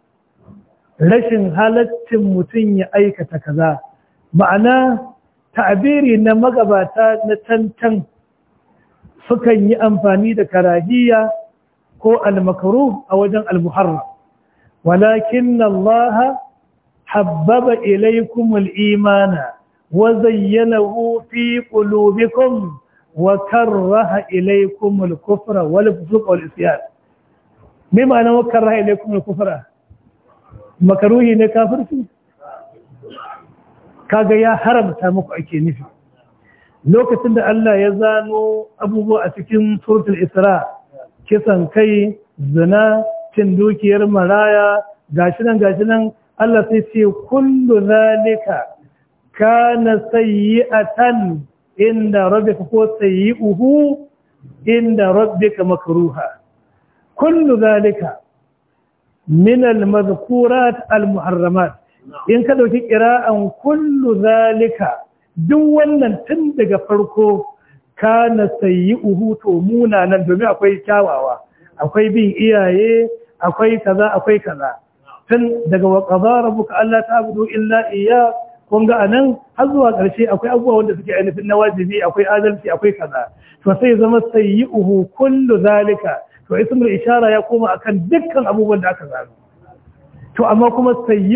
A: rashin halaccin mutum ya aikata kaza ma'ana ta'abiri na magabata na cancan sukan yi amfani da karahiyya ko almakaru a wajen almuharram walakin Allah habbaba ilaykumul imana وزينه في قلوبكم وكره إليكم الكفر والفسوق والعصيان me ma'ana wakarra ilaikum al-kufra makaruhi ne kafirci kaga ya haramta muku ake nufi lokacin da Allah ya zano abubuwa a cikin suratul isra kisan kai zina cin dukiyar maraya gashi nan gashi nan Allah sai ce kullu zalika kana sayyi'atan inda rabbika ko sayyi'uhu inda rabbika makruha kullu zalika min al-madhkurat al-muharramat in ka dauki qira'an kullu zalika duk wannan tun daga farko kana sayyi'uhu to munanan domin akwai kyawawa akwai bin iyaye akwai kaza akwai kaza tun daga wa qadara buka Allah ta'budu illa iyyah kun ga anan har zuwa ƙarshe akwai abubuwa wanda suke ainihin na wajibi akwai adalci akwai kaza to sai zama uhu kullu zalika to ismul ishara ya koma akan dukkan abubuwan da aka zaro to amma kuma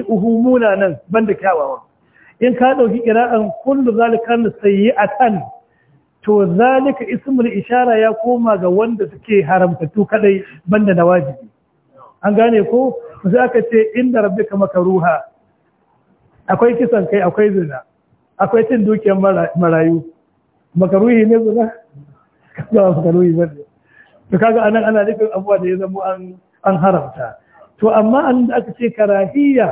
A: uhu munanan banda kyawawan in ka dauki kira'an kullu sayi atan, to zalika ismul ishara ya koma ga wanda suke haramtattu kadai banda na wajibi an gane ko sai aka ce inda rabbika makaruha akwai kisan kai akwai zina akwai cin dukiyar marayu makaruhi ne zina kasawa makaruhi ba ne to kaga anan ana nufin abubuwa da ya zamo an haramta to amma an da aka ce karahiyya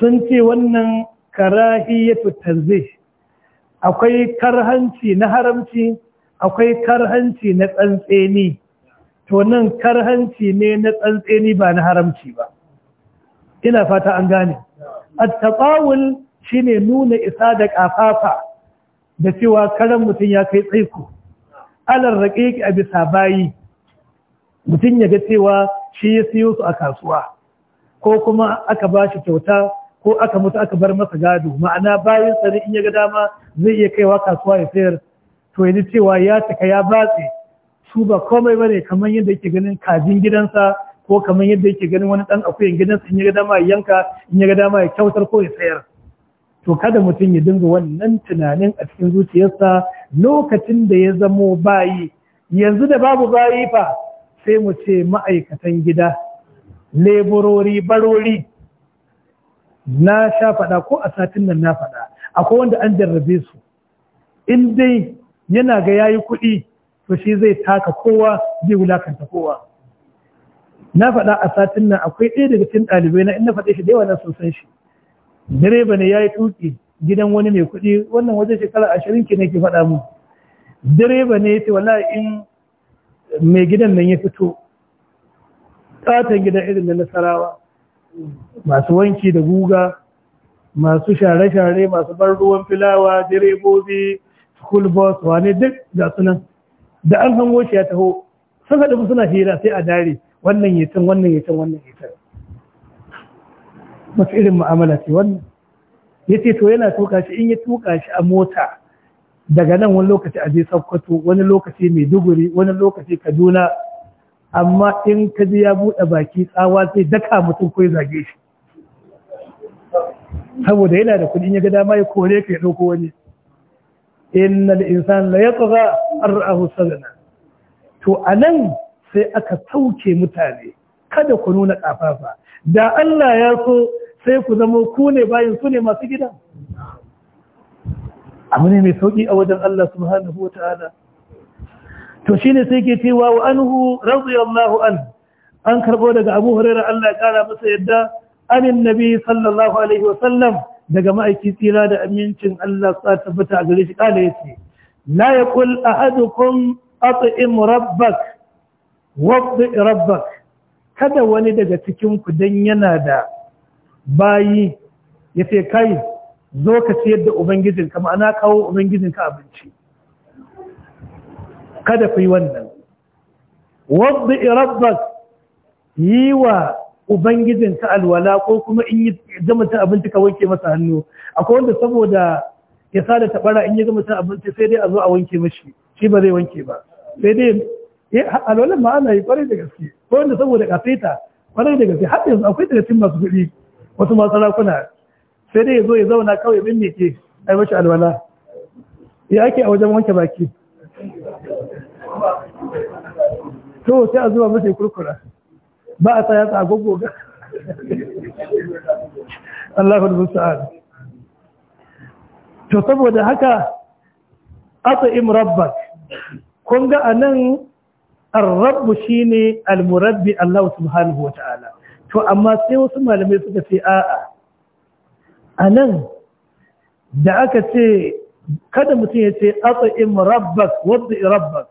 A: sun ce wannan karahiyyatu tanzih akwai karhanci na haramci akwai karhanci na tsantseni to nan karhanci ne na tsantseni ba na haramci ba ina fata an gane attaɓawul shi shine nuna isa da ƙafafa. da cewa karan mutum ya kai tsaiko alar raqiqi a bisa bayi mutum ya ga cewa shi ya siyo su a kasuwa ko kuma aka bashi kyauta ko aka mutu aka bar masa gado ma'ana bayan sa in ya ga dama zai iya kaiwa kasuwa ya sayar to yaji cewa ya cika ya batse su ba komai bane kamar yadda yake ganin kajin gidansa ko kamar yadda yake ganin wani dan akuyan gidansa in ya ga dama ya yanka in ya ga dama ya kyautar ko ya sayar to kada mutum ya dinga wannan tunanin a cikin zuciyarsa lokacin da ya zamo bayi yanzu da babu bayi fa sai mu ce ma'aikatan gida leburori barori na sha faɗa ko a satin nan na faɗa akwai wanda an jarrabe su in dai yana ga yayi kuɗi to shi zai taka kowa zai wulakanta kowa na faɗa a satin nan akwai ɗaya daga cikin ɗalibai na in na faɗe shi da yawa na sun shi direba ne ya yi tuƙi gidan wani mai kuɗi wannan wajen shekara ashirin ki ne ke faɗa mu direba ne ya ce wala in mai gidan nan ya fito ƙaton gidan irin na nasarawa masu wanki da guga masu share-share masu bar ruwan filawa direbobi school bus wane duk ga sunan da an hango shi ya taho sun haɗu suna hira sai a dare wannan ya can wannan ya can wannan ya can masu irin mu'amala ce wannan ya ce to yana tuka shi in ya tuka shi a mota daga nan wani lokaci a je sakkwato wani lokaci mai duguri wani lokaci kaduna amma in ka ji ya buɗe baki tsawa sai daka mutum ko ya zage shi saboda yana da kuɗin ya ga dama ya kore ka ya ɗauko wani innal insan la yatgha ar'ahu sagana to anan sai aka sauke mutane kada ku nuna ƙafafa da Allah ya so sai ku zama ku ne bayan su ne masu gida. A ne mai sauƙi a wajen Allah subhanahu wa ta'ala to shine sai ke cewa wa anhu radiyallahu an an karbo daga Abu Hurairah Allah ya kara masa yadda anin nabi sallallahu alaihi wa sallam daga ma'aiki tsira da amincin Allah sa tabbata a gare shi kala yace la yaqul ahadukum at'im rabbak wadda rabbak kada wani daga cikin ku dan yana da bayi ya ce kai zo ka ciyar da ubangijinka ma'ana kawo ubangijinka abinci kada ku yi wannan wadda rabbak yi wa ubangijinka alwala ko kuma in yi zama ta abinci ka wanke masa hannu akwai wanda saboda ya sada tabara in yi zama ta abinci sai dai a zo a wanke mashi shi ba zai wanke ba sai dai Eh, alwalin ma ana yi kwarai da gaske ko wanda saboda kafeta kwarai da gaske haɗin yanzu akwai daga cikin masu kuɗi wasu masu rakuna sai dai ya zo ya zauna kawai min ne ke ai mashi alwala ya ake a wajen wanke baki to sai a zuba mashi kurkura ba a tsaya ta a goggoga Allahu musta'an to saboda haka asa imrabbak kun ga anan ar-rabbu shine al-murabbi Allah subhanahu wata'ala to amma sai wasu malamai suka ce a'a anan da aka ce kada mutum ya ce at'im rabbak wadda rabbak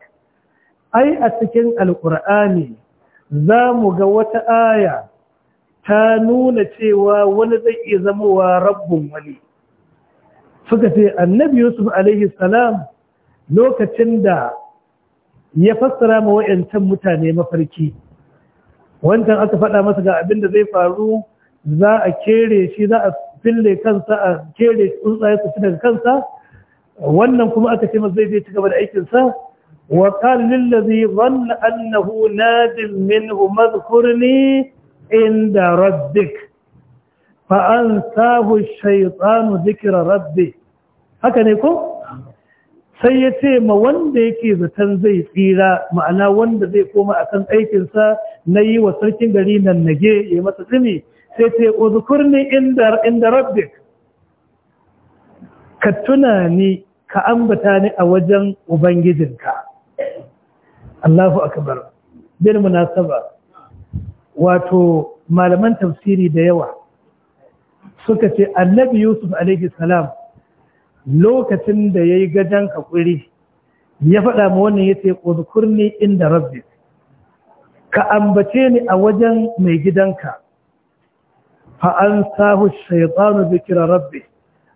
A: ai a cikin alqur'ani za mu ga wata aya ta nuna cewa wani zai iya zama wa rabbin wani suka ce annabi yusuf alaihi salam lokacin da ya fassara ma wa'yancan mutane mafarki wancan aka faɗa masa ga abin da zai faru za a kere shi za a fille kansa a kere tsuntsaye su daga kansa wannan kuma aka ce masa zai je ci gaba da aikinsa wa qal lil ladhi dhanna annahu nadin minhu madhkurni inda rabbik fa ansahu ash-shaytanu dhikra rabbi haka ne ko sai ya ce ma wanda yake zaton zai tsira ma'ana wanda zai koma a kan aikinsa na yi wa sarkin gari nan nage ya yi masa tsini sai ce uzkurni inda inda rabbi ka tuna ni ka ambata ni a wajen ubangijinka Allahu akbar bin munasaba wato malaman tafsiri da yawa suka ce annabi Yusuf alaihi salam lokacin da ya yi gajen haƙuri ya faɗa ma wannan ya ce ƙudkurni inda rabbi ka ambace ni a wajen mai gidanka fa an sahu shaitanu zikira rabbi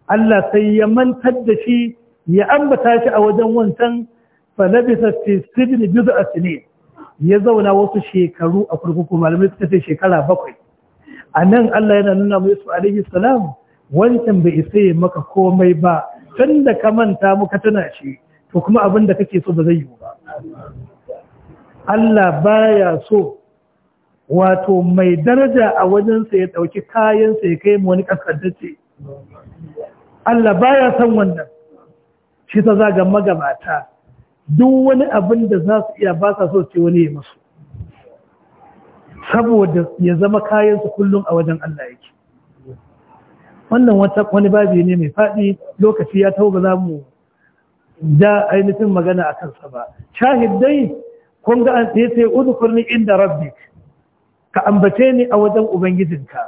A: Allah sai ya mantar da shi ya ambata shi a wajen wancan fa labisa fi sijni juz'a sinin ya zauna wasu shekaru a kurkuku malamai suka ce shekara bakwai a nan Allah yana nuna mu Yusuf alaihi salam wancan bai isa maka komai ba tun da ka manta muka tuna shi to kuma abin da kake so ba zai yi ba Allah baya so wato mai daraja a wajensa ya ɗauki kayansa ya kai wani ƙasƙantacce Allah baya son wannan shi ta zaga magabata duk wani abin da za su iya ba sa so ce wani ya masu saboda ya zama kayansa kullum a wajen Allah yake wannan wani babi ne mai faɗi lokaci ya tau ba za mu da ainihin magana a kansa ba shahid dai kun ga an sai sai inda rabbik ka ambace ni a wajen ubangijinka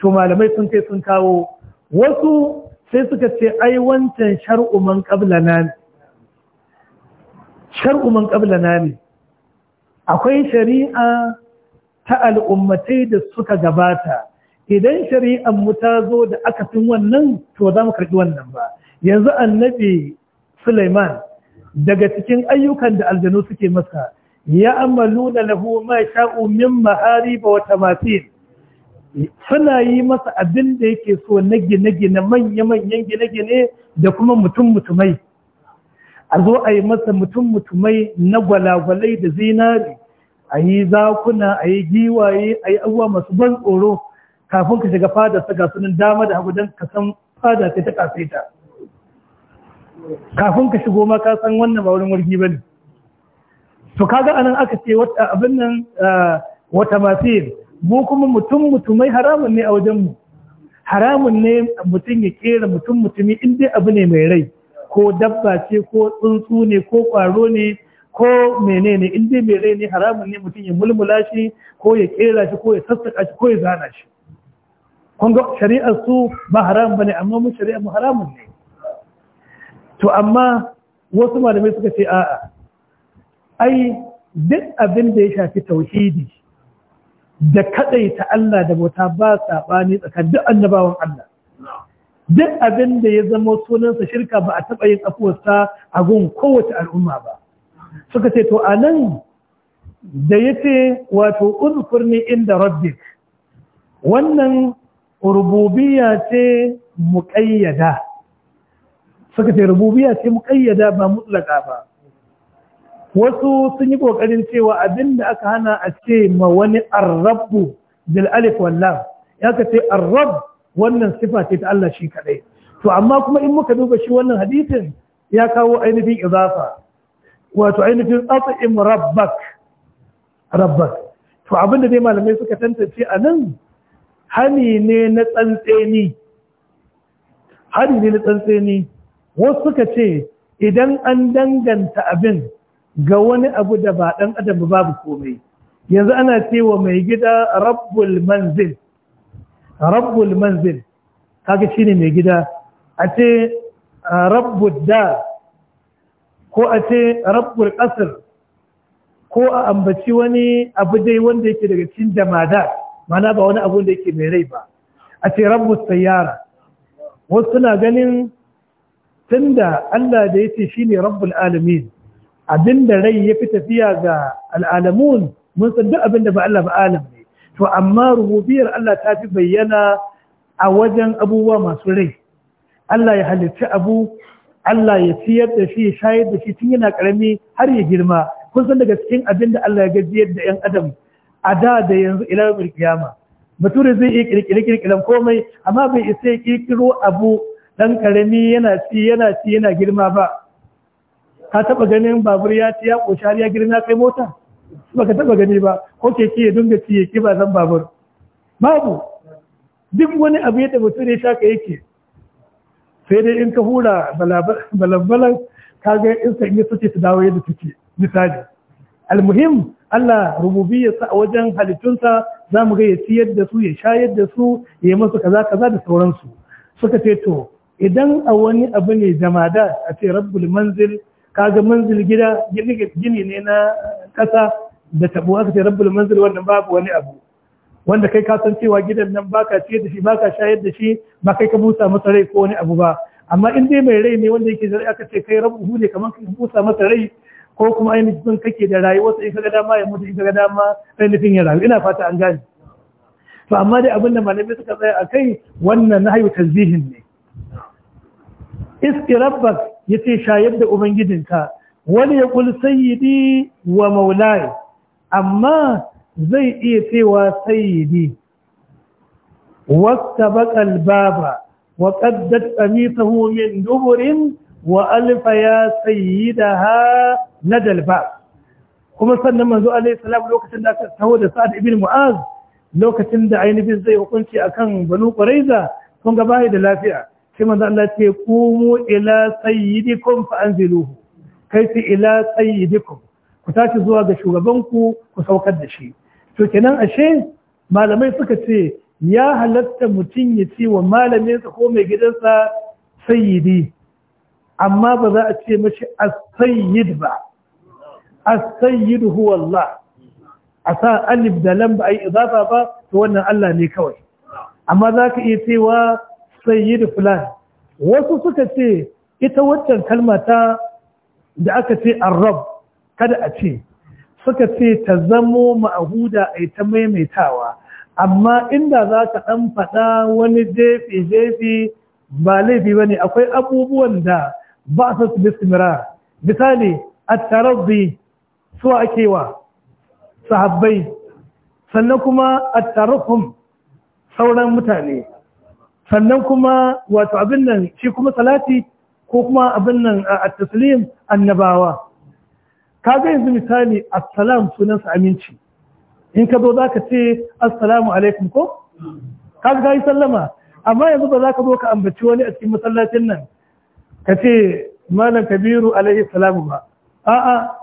A: to malamai sun kai sun kawo wasu sai suka ce ai wancan shar'uman man na ne ne akwai shari'a ta al'ummatai da suka gabata idan shari'an mu ta zo da aka fi wannan to za mu karɓi wannan ba yanzu annabi Suleiman, daga cikin ayyukan da aljanu suke masa ya amalu da lahu ma sha'u min mahariba wa tamathil suna yi masa abin da yake so na gine-gine manya-manyan gine-gine da kuma mutum-mutumai a zo a yi masa mutum-mutumai na gwalagwalai da zinari a yi zakuna a yi giwaye a yi abuwa masu ban tsoro kafin ka shiga fada ta ga sunan dama da hagu don ka san fada sai ta ta kafin ka shigo ma ka san wannan ba wurin wargi bane to kaga anan aka ce wata abin nan eh, wata masir mu kuma mutum mutumai haramun ne a wajen mu haramun ne mutum ya kera mutum mutumi in dai abu ne mai rai ko dabba ce ko tsuntsu ne ko kwaro ne ko menene in mai rai ne haramun ne mutum ya mulmula shi ko ya kera shi ko ya sassaka shi ko ya zana shi Kunga shari'ar su ba haram bane amma mun shari'ar mu haramun ne to amma wasu malamai suka ce a'a ai duk abin da ya shafi tauhidi da kadaita Allah da bauta ba sabani tsakan duk annabawan Allah duk abin da ya zama sunansa shirka ba a taɓa yin afuwarsa a gun kowace al'umma ba suka ce to anan da yace wato uzkurni inda rabbik wannan Rububiya ce muƙayyada suka ce rububiya ce muƙayyada ba mutlaka ba wasu sun yi ƙoƙarin cewa abinda aka hana a ce ma wani arrabu bil alif wallah ya ka ce arrab wannan sifa ce ta Allah shi kaɗai to amma kuma in muka duba shi wannan hadisin ya kawo ainihin izafa wato ainihin at'im rabbak rabbak to abinda dai malamai suka tantance a nan hani ne na tsantseni hani ne na tsantseni wasu suka ce idan an danganta abin ga wani abu da ba dan adam babu komai yanzu ana cewa mai gida rabbul manzil rabbul manzil kaga shine mai gida a ce rabbul da ko a ce rabbul qasr ko a ambaci wani abu dai wanda yake daga cikin damada mana ba wani abun da yake mai rai ba a ce rabbus sayyara wasu na ganin tunda Allah da ya ce shine rabbul alamin abinda rai ya fi tafiya ga al'alamun mun san duk abinda ba Allah ba alam ne to amma rububiyar Allah ta fi bayyana a wajen abubuwa masu rai Allah ya halicci abu Allah ya ciyar da shi ya shayar da shi tun yana karami har ya girma kun san daga cikin abin da Allah ya gajiyar da 'yan adam a da da yanzu ila kiyama bature zai iya kirkire komai amma bai isa ya kirkiro abu dan karami yana ci yana ci yana girma ba ka taba ganin babur ya ci ya koshi har ya girma kai mota Ba ka taba gani ba ko keke ya dinga ci ya ba zan babur babu duk wani abu yadda bature shaka yake sai dai in ka hura balabalan ga in sanyi suke su dawo yadda suke misali almuhim Allah sa a wajen halittunsa za mu ga ya ciyar da su ya shayar da su ya yi masu kaza kaza da sauransu suka ce to idan a wani abu ne jamada a ce rabbul manzil kaga manzil gida gini ne na kasa da tabo aka ce rabbul manzil wannan babu wani abu wanda kai ka san cewa gidan nan baka ciyar da shi baka shayar da shi ba kai ka busa masa rai ko wani abu ba amma in dai mai rai ne wanda yake zai aka ce kai rabu ne kamar ka busa masa rai ko kuma ainihin kake da rayuwarsa in kaga dama ya mutu in kaga dama ainihin ya rayu ina fata an gane to amma dai abin da malamai suka tsaya a kai wannan na hayu tanzihin ne iski rabbak ya ce shayar da ubangijinka wani ya kul sayyidi wa maulai amma zai iya cewa sayyidi wasta bakal baba wa qaddat qamisahu min duburin wa alfa ya ha na ba, kuma sannan manzo alayhi salam lokacin da aka taho da sa'ad ibn mu'az lokacin da ainihin zai hukunci akan banu quraiza kun ga bai da lafiya sai manzo Allah ce qumu ila sayyidikum fa anziluhu kaifi ila sayyidikum ku tashi zuwa ga shugabanku ku saukar da shi to kenan ashe malamai suka ce ya halatta mutum ya ce wa malamin sa ko mai gidansa sayyidi amma ba za a ce mashi as-sayyid ba as-sayyid huwa Allah a sa alif da lam ba ai ba to wannan Allah ne kawai amma zaka iya cewa sayyid fulan wasu suka ce ita waccan kalma ta da aka ce Arrab, kada a ce suka ce ta zamo ma'huda a ta maimaitawa amma inda za ka ɗan wani jefi-jefi ba laifi bane akwai abubuwan da ba su bismira misali a tarabbi suwa ake wa sahabbai sannan kuma attarukum sauran mutane sannan kuma wato abin nan shi kuma salati ko kuma abin nan a taslim annabawa kaga yanzu misali assalam sunansa aminci in ka zo zaka ce assalamu alaikum ko kaga yi sallama amma yanzu ba zaka zo ka ambaci wani a cikin masallacin nan ka ce malam kabiru alaihi salamu ba a'a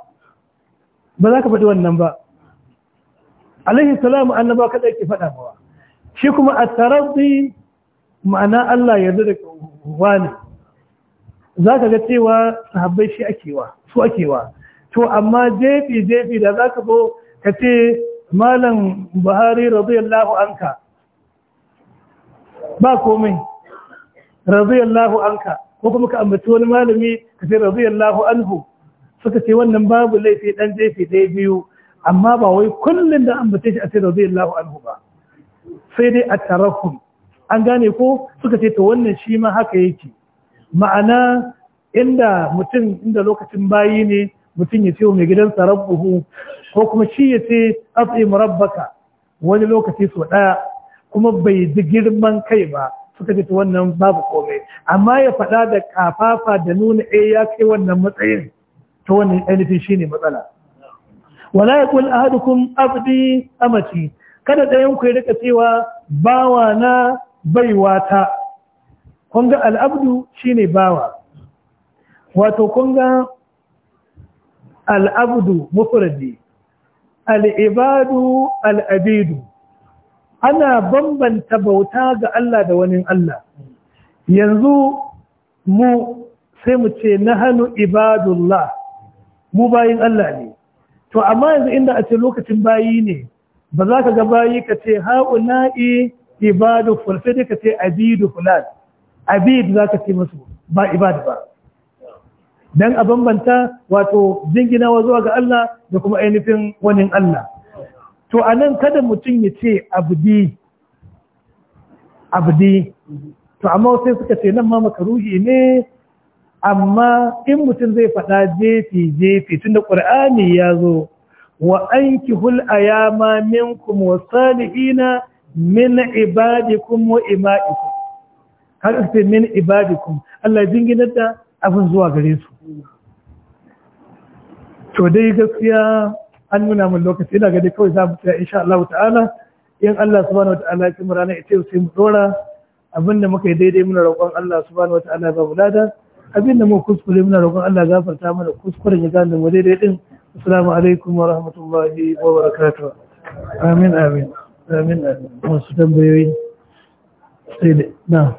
A: ba za ka faɗi wannan ba alaihi salamu annaba ka ɗauki faɗa mawa shi kuma a taraddi ma'ana Allah yanzu da wani za ka ga cewa sahabbai shi akewa su akewa to amma jefi jefi da za ka bo ka ce malam buhari radiyallahu anka ba komai radiyallahu anka ko kuma ka ambaci wani malami ka ce radiyallahu anhu suka ce wannan babu laifi dan jefi ɗaya biyu amma ba wai kullum da an bace shi a ce radiyallahu anhu ba sai dai a an gane ko suka ce to wannan shi ma haka yake ma'ana inda mutum inda lokacin bayi ne mutum ya ce mai mai gidansa rabbuhu ko kuma shi ya ce at'im rabbaka wani lokaci so ɗaya kuma bai ji girman kai ba suka ce wannan babu komai amma ya faɗa da kafafa da nuna eh ya kai wannan matsayin ta wannan ainihin shine matsala wala yaqul ahadukum abdi amati kada ɗayan ku ya rika cewa bawa na baiwa ta Kunga Al'abdu shi ne bawa wato kun al'abdu mufradi al'ibadu al'abidu ana bambanta bauta ga Allah da wani Allah yanzu mu sai mu ce na hannu ibadullah mu bayin Allah ne to amma yanzu inda a ce lokacin bayi ne ba za ka ga bayi ka ce ha'ula'i ibadu fulfe ka ce abidu fulan abid za ka ce masu ba ibadu ba dan a bambanta wato jinginawa zuwa ga Allah da kuma ainihin wani Allah to a nan kada mutum ya ce abdi abdi to amma sai suka ce nan ma makaruhi ne amma in mutum zai faɗa jefi jefi tun da ƙur'ani ya zo wa an ki hul minkum wasalihina min kuma wa ima'ikun har ufe min ibadikun Allah jinginar da abin zuwa gare su to dai gaskiya an nuna mun lokaci ina gani kawai za mu tsaya insha Allah ta'ala in Allah subhanahu wa ta'ala ya kimura na ita sai mu abin abinda muka yi daidai muna roƙon Allah subhanahu wa ta'ala ba mu lada abinda mu kuskure muna roƙon Allah gafarta mana kuskuren ya gane mu daidai din assalamu alaikum wa rahmatullahi wa barakatuh amin amin amin amin su tambayoyi sai da na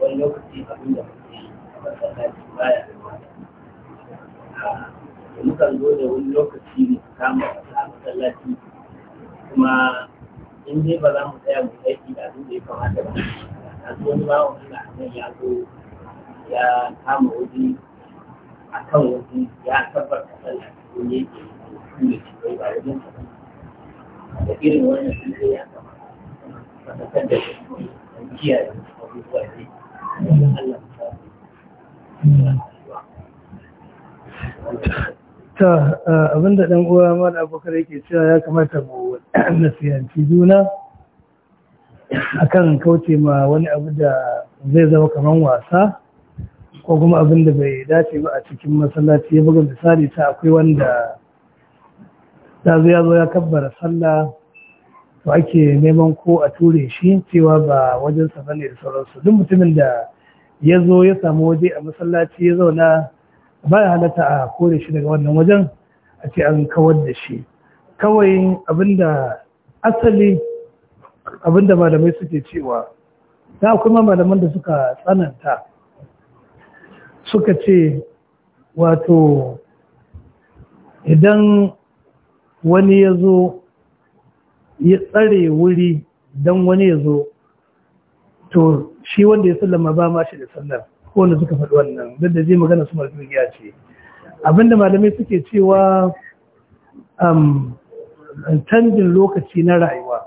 A: wani lokaci sukan zo da wani lokaci ne su kama a masallaci kuma in dai ba za mu tsaya mu aiki da abin da ya kamata ba a zo wani bawa wani a nan ya zo ya kama waje a kan waje ya tabbata sallah ko ne ke yi kuma shi bai ba wajen da irin wannan sun sai ya kama fatakar da kiyaye abubuwa ne Allah ya sa Thank you. ta eh, abinda ɗan uwa mara abokan yake cewa ya kamata mu nasiyanci juna akan kauce ma wani abu da zai zama kamar wasa ko kuma abin da bai dace ba a cikin masallaci ya buga misali ta akwai wanda ta zo ya zo ya kabbara sallah to ake neman ko a ture shi cewa ba wajen sa ne da sauransu duk mutumin da ya zo ya samu waje a masallaci ya zauna ba ya halatta a kore shi daga wannan wajen a ce an kawar da shi kawai abinda asali abinda malamai suke cewa ta kuma malaman da suka tsananta suka ce wato idan wani ya zo ya tsare wuri don wani ya zo to shi wanda ya sallama ba ma shi da sallar ko suka faɗi wannan duk da zai magana su giya ce abinda malamai suke cewa um, canjin lokaci na rayuwa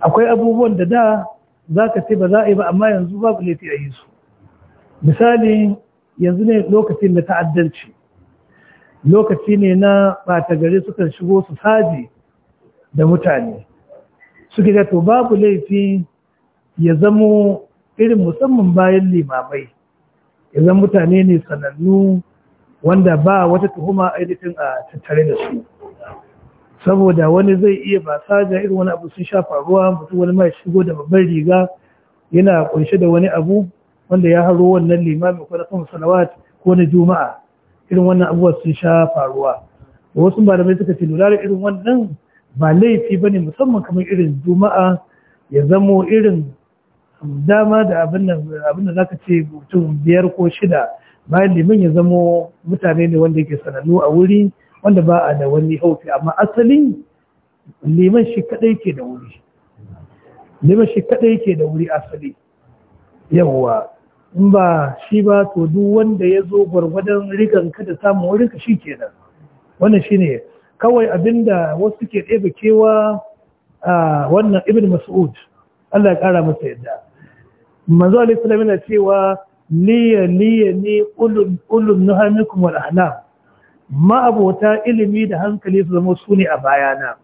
A: akwai abubuwan da da za ka ce ba za a yi ba amma yanzu babu laifi a yi su misali yanzu ne lokacin da ta'addanci lokaci ne na ɓata gari suka shigo su saji da mutane suke da to babu laifi ya zamo irin musamman bayan limamai idan mutane ne sanannu wanda ba wata tuhuma ainihin a tattare da su saboda wani zai iya ba saja irin wani abu sun sha faruwa mutum wani mai shigo da babban riga yana kunshe da wani abu wanda ya haro wannan limamin ko na kan salawat ko na juma'a irin wannan abubuwa sun sha faruwa wasu malamai suka ce lura da irin wannan ba laifi ba ne musamman kamar irin juma'a ya zamo irin dama da abin da za ka ce mutum biyar ko shida bayan liman ya zamo mutane ne wanda yake sanannu a wuri wanda ba a da wani haufi amma asalin liman shi kadai ke da wuri liman shi kadai ke da wuri asali yawwa in ba shi ba to duk wanda ya zo gwargwadon rigan ka da samun wurin ka shi kenan wannan shine kawai abinda wasu ke ɗebe kewa a wannan ibn mas'ud Allah ya kara masa yadda manzo alaihi salam yana cewa liya liya ni na ulum nuhamikum wal ahlam ma abota ilimi da hankali su zama su ne a bayana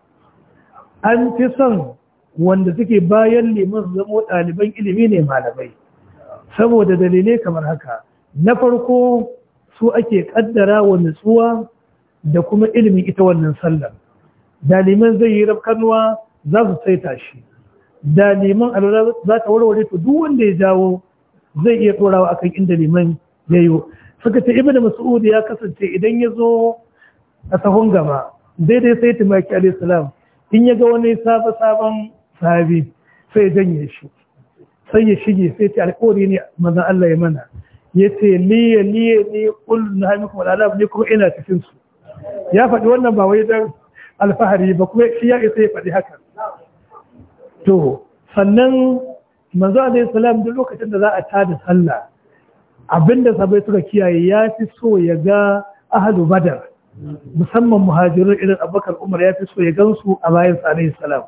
A: an fi son wanda suke bayan liman su zama ɗaliban ilimi ne malamai saboda dalilai kamar haka na farko su ake kaddara wa nutsuwa da kuma ilimin ita wannan sallar daliman zai yi rafkanuwa za su saita shi da liman alwala za ta warware to duk wanda ya jawo zai iya ɗorawa akan inda liman ya yi suka ce ibn mas'ud ya kasance idan ya zo a sahun gaba daidai sai tumaki alayhi salam in ya ga wani sabon sabon sahabi sai janye shi sai ya shige sai ce alƙawari ne manzon Allah ya mana ya ce liye liye ne ƙul na kuma al'adab ne kuma ina cikin su ya faɗi wannan ba wai dan alfahari ba kuma shi ya isa ya faɗi haka to sannan manzo alaihi salam duk lokacin da za a tada sallah abinda sabai suka kiyaye ya fi so ya ga ahlu badar musamman muhajirin irin abokan umar ya fi so ya gansu a bayan sa salam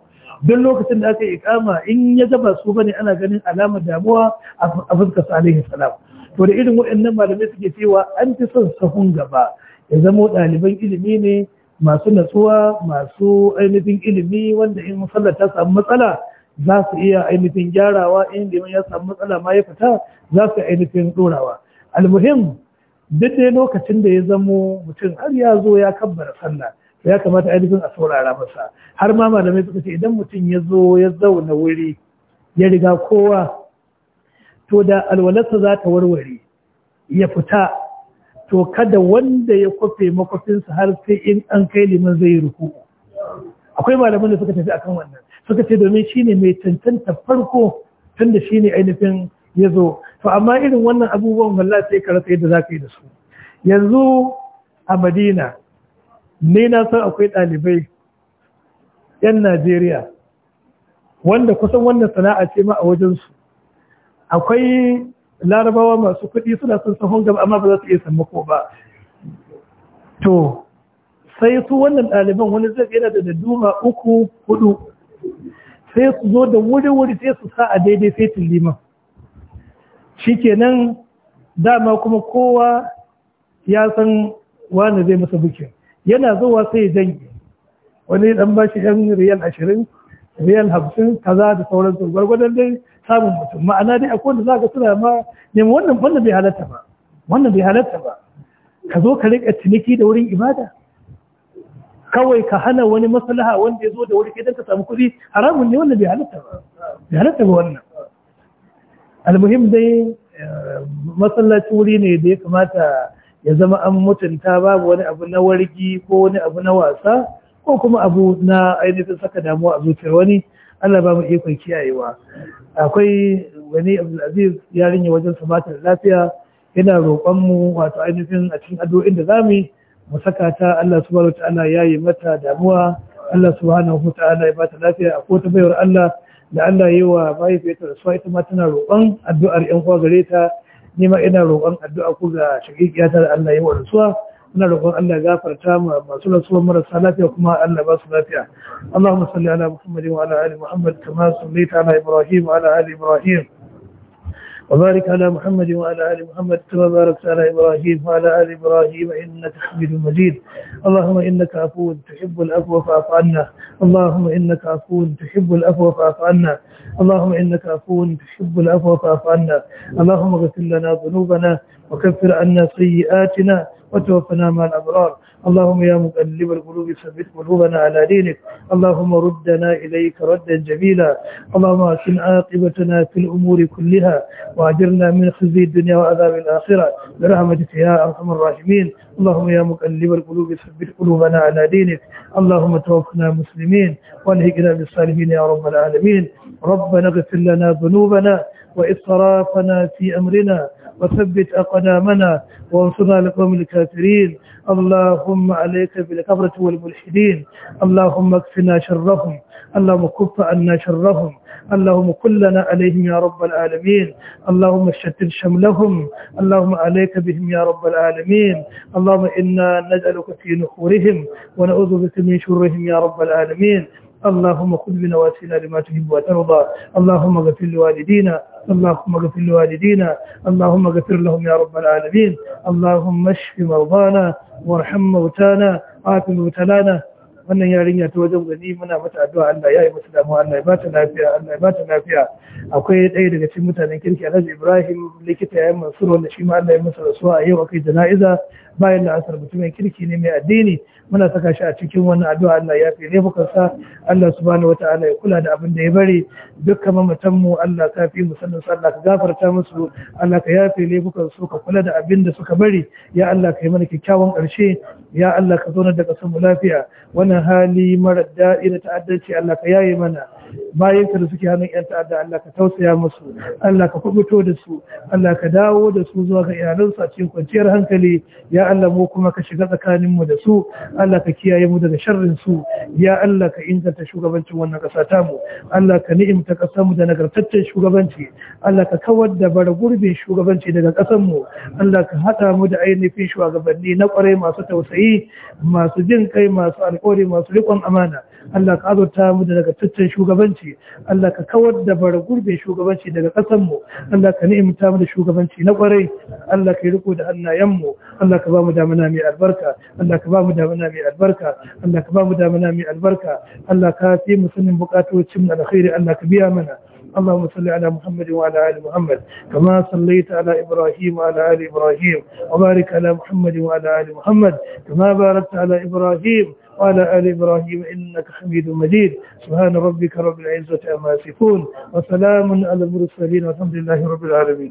A: duk lokacin da aka yi ikama in ya zaba su bane ana ganin alamar damuwa a fuskar sa salam to da irin waɗannan malamai suke cewa an fi son sahun gaba ya zama ɗaliban ilimi ne masu natsuwa masu ainihin ilimi wanda in musallar ta samu matsala za su iya ainihin gyarawa in liman ya samu matsala ma ya fita za su ainihin ɗorawa almuhim duk dai lokacin da ya zamo mutum har ya zo ya kabbara sallah ya kamata ainihin a saurara masa har ma malamai suka ce idan mutum ya zo ya zauna wuri ya riga kowa to da alwalarsa za ta warware ya fita to kada wanda ya kwafe makwafinsa har sai in an kai liman zai ruku akwai malaman da suka tafi akan wannan suka ce domin shine mai cancanta farko tunda shine ainihin ya zo to amma irin wannan abubuwan wallah sai ka rasa yadda zaka yi da su yanzu a Madina ne na san akwai ɗalibai 'yan Najeriya wanda kusan wannan sana'a ce ma a wajensu akwai larabawa masu kuɗi suna son sahun gaba amma ba za su iya sammako ba to sai su wannan ɗaliban wani zai yana da daduma uku hudu sai su zo da wuri-wuri sai su sa a daidai sai liman shikenan dama kuma kowa ya san wani zai masa bukin yana zuwa sai dangi wani dan bashi yan riyal ashirin riyal hamsin kaza da sauransu gwargwadon dai samun mutum ma'ana dai akwai wanda za ka suna ma nemi wannan wannan bai halatta ba wannan bai halatta ba ka zo ka riƙa ciniki da wurin ibada kawai ka hana wani maslaha wanda ya zo da wuri kai ka samu kuɗi haramun ne wannan bai halatta ba bai halatta ba wannan almuhim dai eh, masallaci wuri ne da ya kamata ya zama an mutunta babu wani abu na wargi ko wani abu na wasa ko kuma abu na ainihin saka damuwa a zuciyar wani Allah ba mu ikon kiyayewa akwai wani Abdulaziz ya rinye wajen samatar lafiya yana roƙon mu wato ainihin a cikin addu'o'in da zamu yi mu saka ta Allah subhanahu ta'ala ya yi mata damuwa Allah subhanahu ta'ala ya ba ta lafiya a kota bayar Allah da Allah ya yi wa mahaifiyarta da suwa ita ma tana roƙon addu'ar 'yan uwa gare ta ni ma ina roƙon addu'a ku ga shaƙiƙiya da Allah ya yi wa rasuwa اللهم صل على محمد وعلى ال محمد كما صليت على ابراهيم وعلى ال ابراهيم وبارك على محمد وعلى آل محمد كما باركت على إبراهيم وعلى آل إبراهيم إنك حميد مجيد اللهم إنك عفو تحب العفو فاعف عنا اللهم إنك عفو تحب العفو فاعف عنا اللهم إنك عفو تحب العفو فاعف عنا اللهم اغفر لنا ذنوبنا وكفر عنا سيئاتنا وتوفنا مع الأبرار اللهم يا مقلب القلوب ثبت قلوبنا على دينك اللهم ردنا إليك ردا جميلا اللهم أحسن عاقبتنا في الأمور كلها وأجرنا من خزي الدنيا وعذاب الآخرة برحمتك يا أرحم الراحمين اللهم يا مقلب القلوب ثبت قلوبنا على دينك اللهم توفنا مسلمين والهجنا بالصالحين يا رب العالمين ربنا اغفر لنا ذنوبنا وإسرافنا في أمرنا وثبت أقدامنا وانصرنا لقوم الكافرين اللهم عليك بالكفرة والملحدين اللهم اكفنا شرهم اللهم كف عنا شرهم اللهم كلنا عليهم يا رب العالمين اللهم شتت شملهم اللهم عليك بهم يا رب العالمين اللهم إنا نجعلك في نحورهم ونعوذ بك من شرهم يا رب العالمين اللهم خذ بنواسينا لما تحب وترضى اللهم اغفر لوالدينا اللهم اغفر لوالدينا اللهم اغفر لهم يا رب العالمين اللهم اشف مرضانا وارحم موتانا عاف مبتلانا wannan yarinya ta wajen gani muna mata addu'a Allah ya yi mata damuwa Allah ya ba lafiya Allah ya ba lafiya akwai ɗaya daga cikin mutanen kirki Alhaji Ibrahim likita ya yi Mansur wanda shi ma Allah ya masa rasuwa a yau akai jana'iza bayan da asar mutumin kirki ne mai addini muna saka shi a cikin wannan addu'a Allah ya fi laifukan sa Allah subhanahu wataala ya kula da abin da ya bari dukkan mamatan mu Allah ka fi mu sanin Allah ka gafarta musu Allah ka yafe laifukan su ka kula da abin da suka bari ya Allah ka yi mana kyakkyawan ƙarshe ya Allah ka zauna da ƙasar mu lafiya wannan wannan hali mara daɗi da ta'addanci Allah ka yaye mana bayan ka da suke hannun yan ta'adda Allah ka tausaya musu Allah ka kubuto da su Allah ka dawo da su zuwa ga su a cikin kwanciyar hankali ya Allah mu kuma ka shiga tsakanin mu da su Allah ka kiyaye mu daga sharrin su ya Allah ka inganta shugabancin wannan ƙasa ta mu Allah ka ni'imta ƙasar mu da nagartaccen shugabanci Allah ka kawar da bara gurbin shugabanci daga ƙasar mu Allah ka haɗa mu da ainihin shugabanni na ƙwarai masu tausayi masu jin kai masu alƙawari masu riƙon amana Allah ka azurta mu da nagartaccen shugabanci shugabanci Allah ka kawar da bara gurbin shugabanci daga ƙasar Allah ka ni'imta mu da shugabanci na kwarai Allah ka yi riko da annayan Allah ka ba mu damuna mai albarka Allah ka ba mu damuna mai albarka Allah ka ba mu damuna mai albarka Allah ka fi mu sanin bukatocin alkhairi Allah ka biya mana اللهم صل على محمد وعلى آل محمد كما صليت على إبراهيم وعلى آل إبراهيم وبارك على محمد وعلى آل محمد كما باركت على إبراهيم وعلى آل إبراهيم إنك حميد مجيد سبحان ربك رب العزة أما يصفون وسلام على المرسلين والحمد لله رب العالمين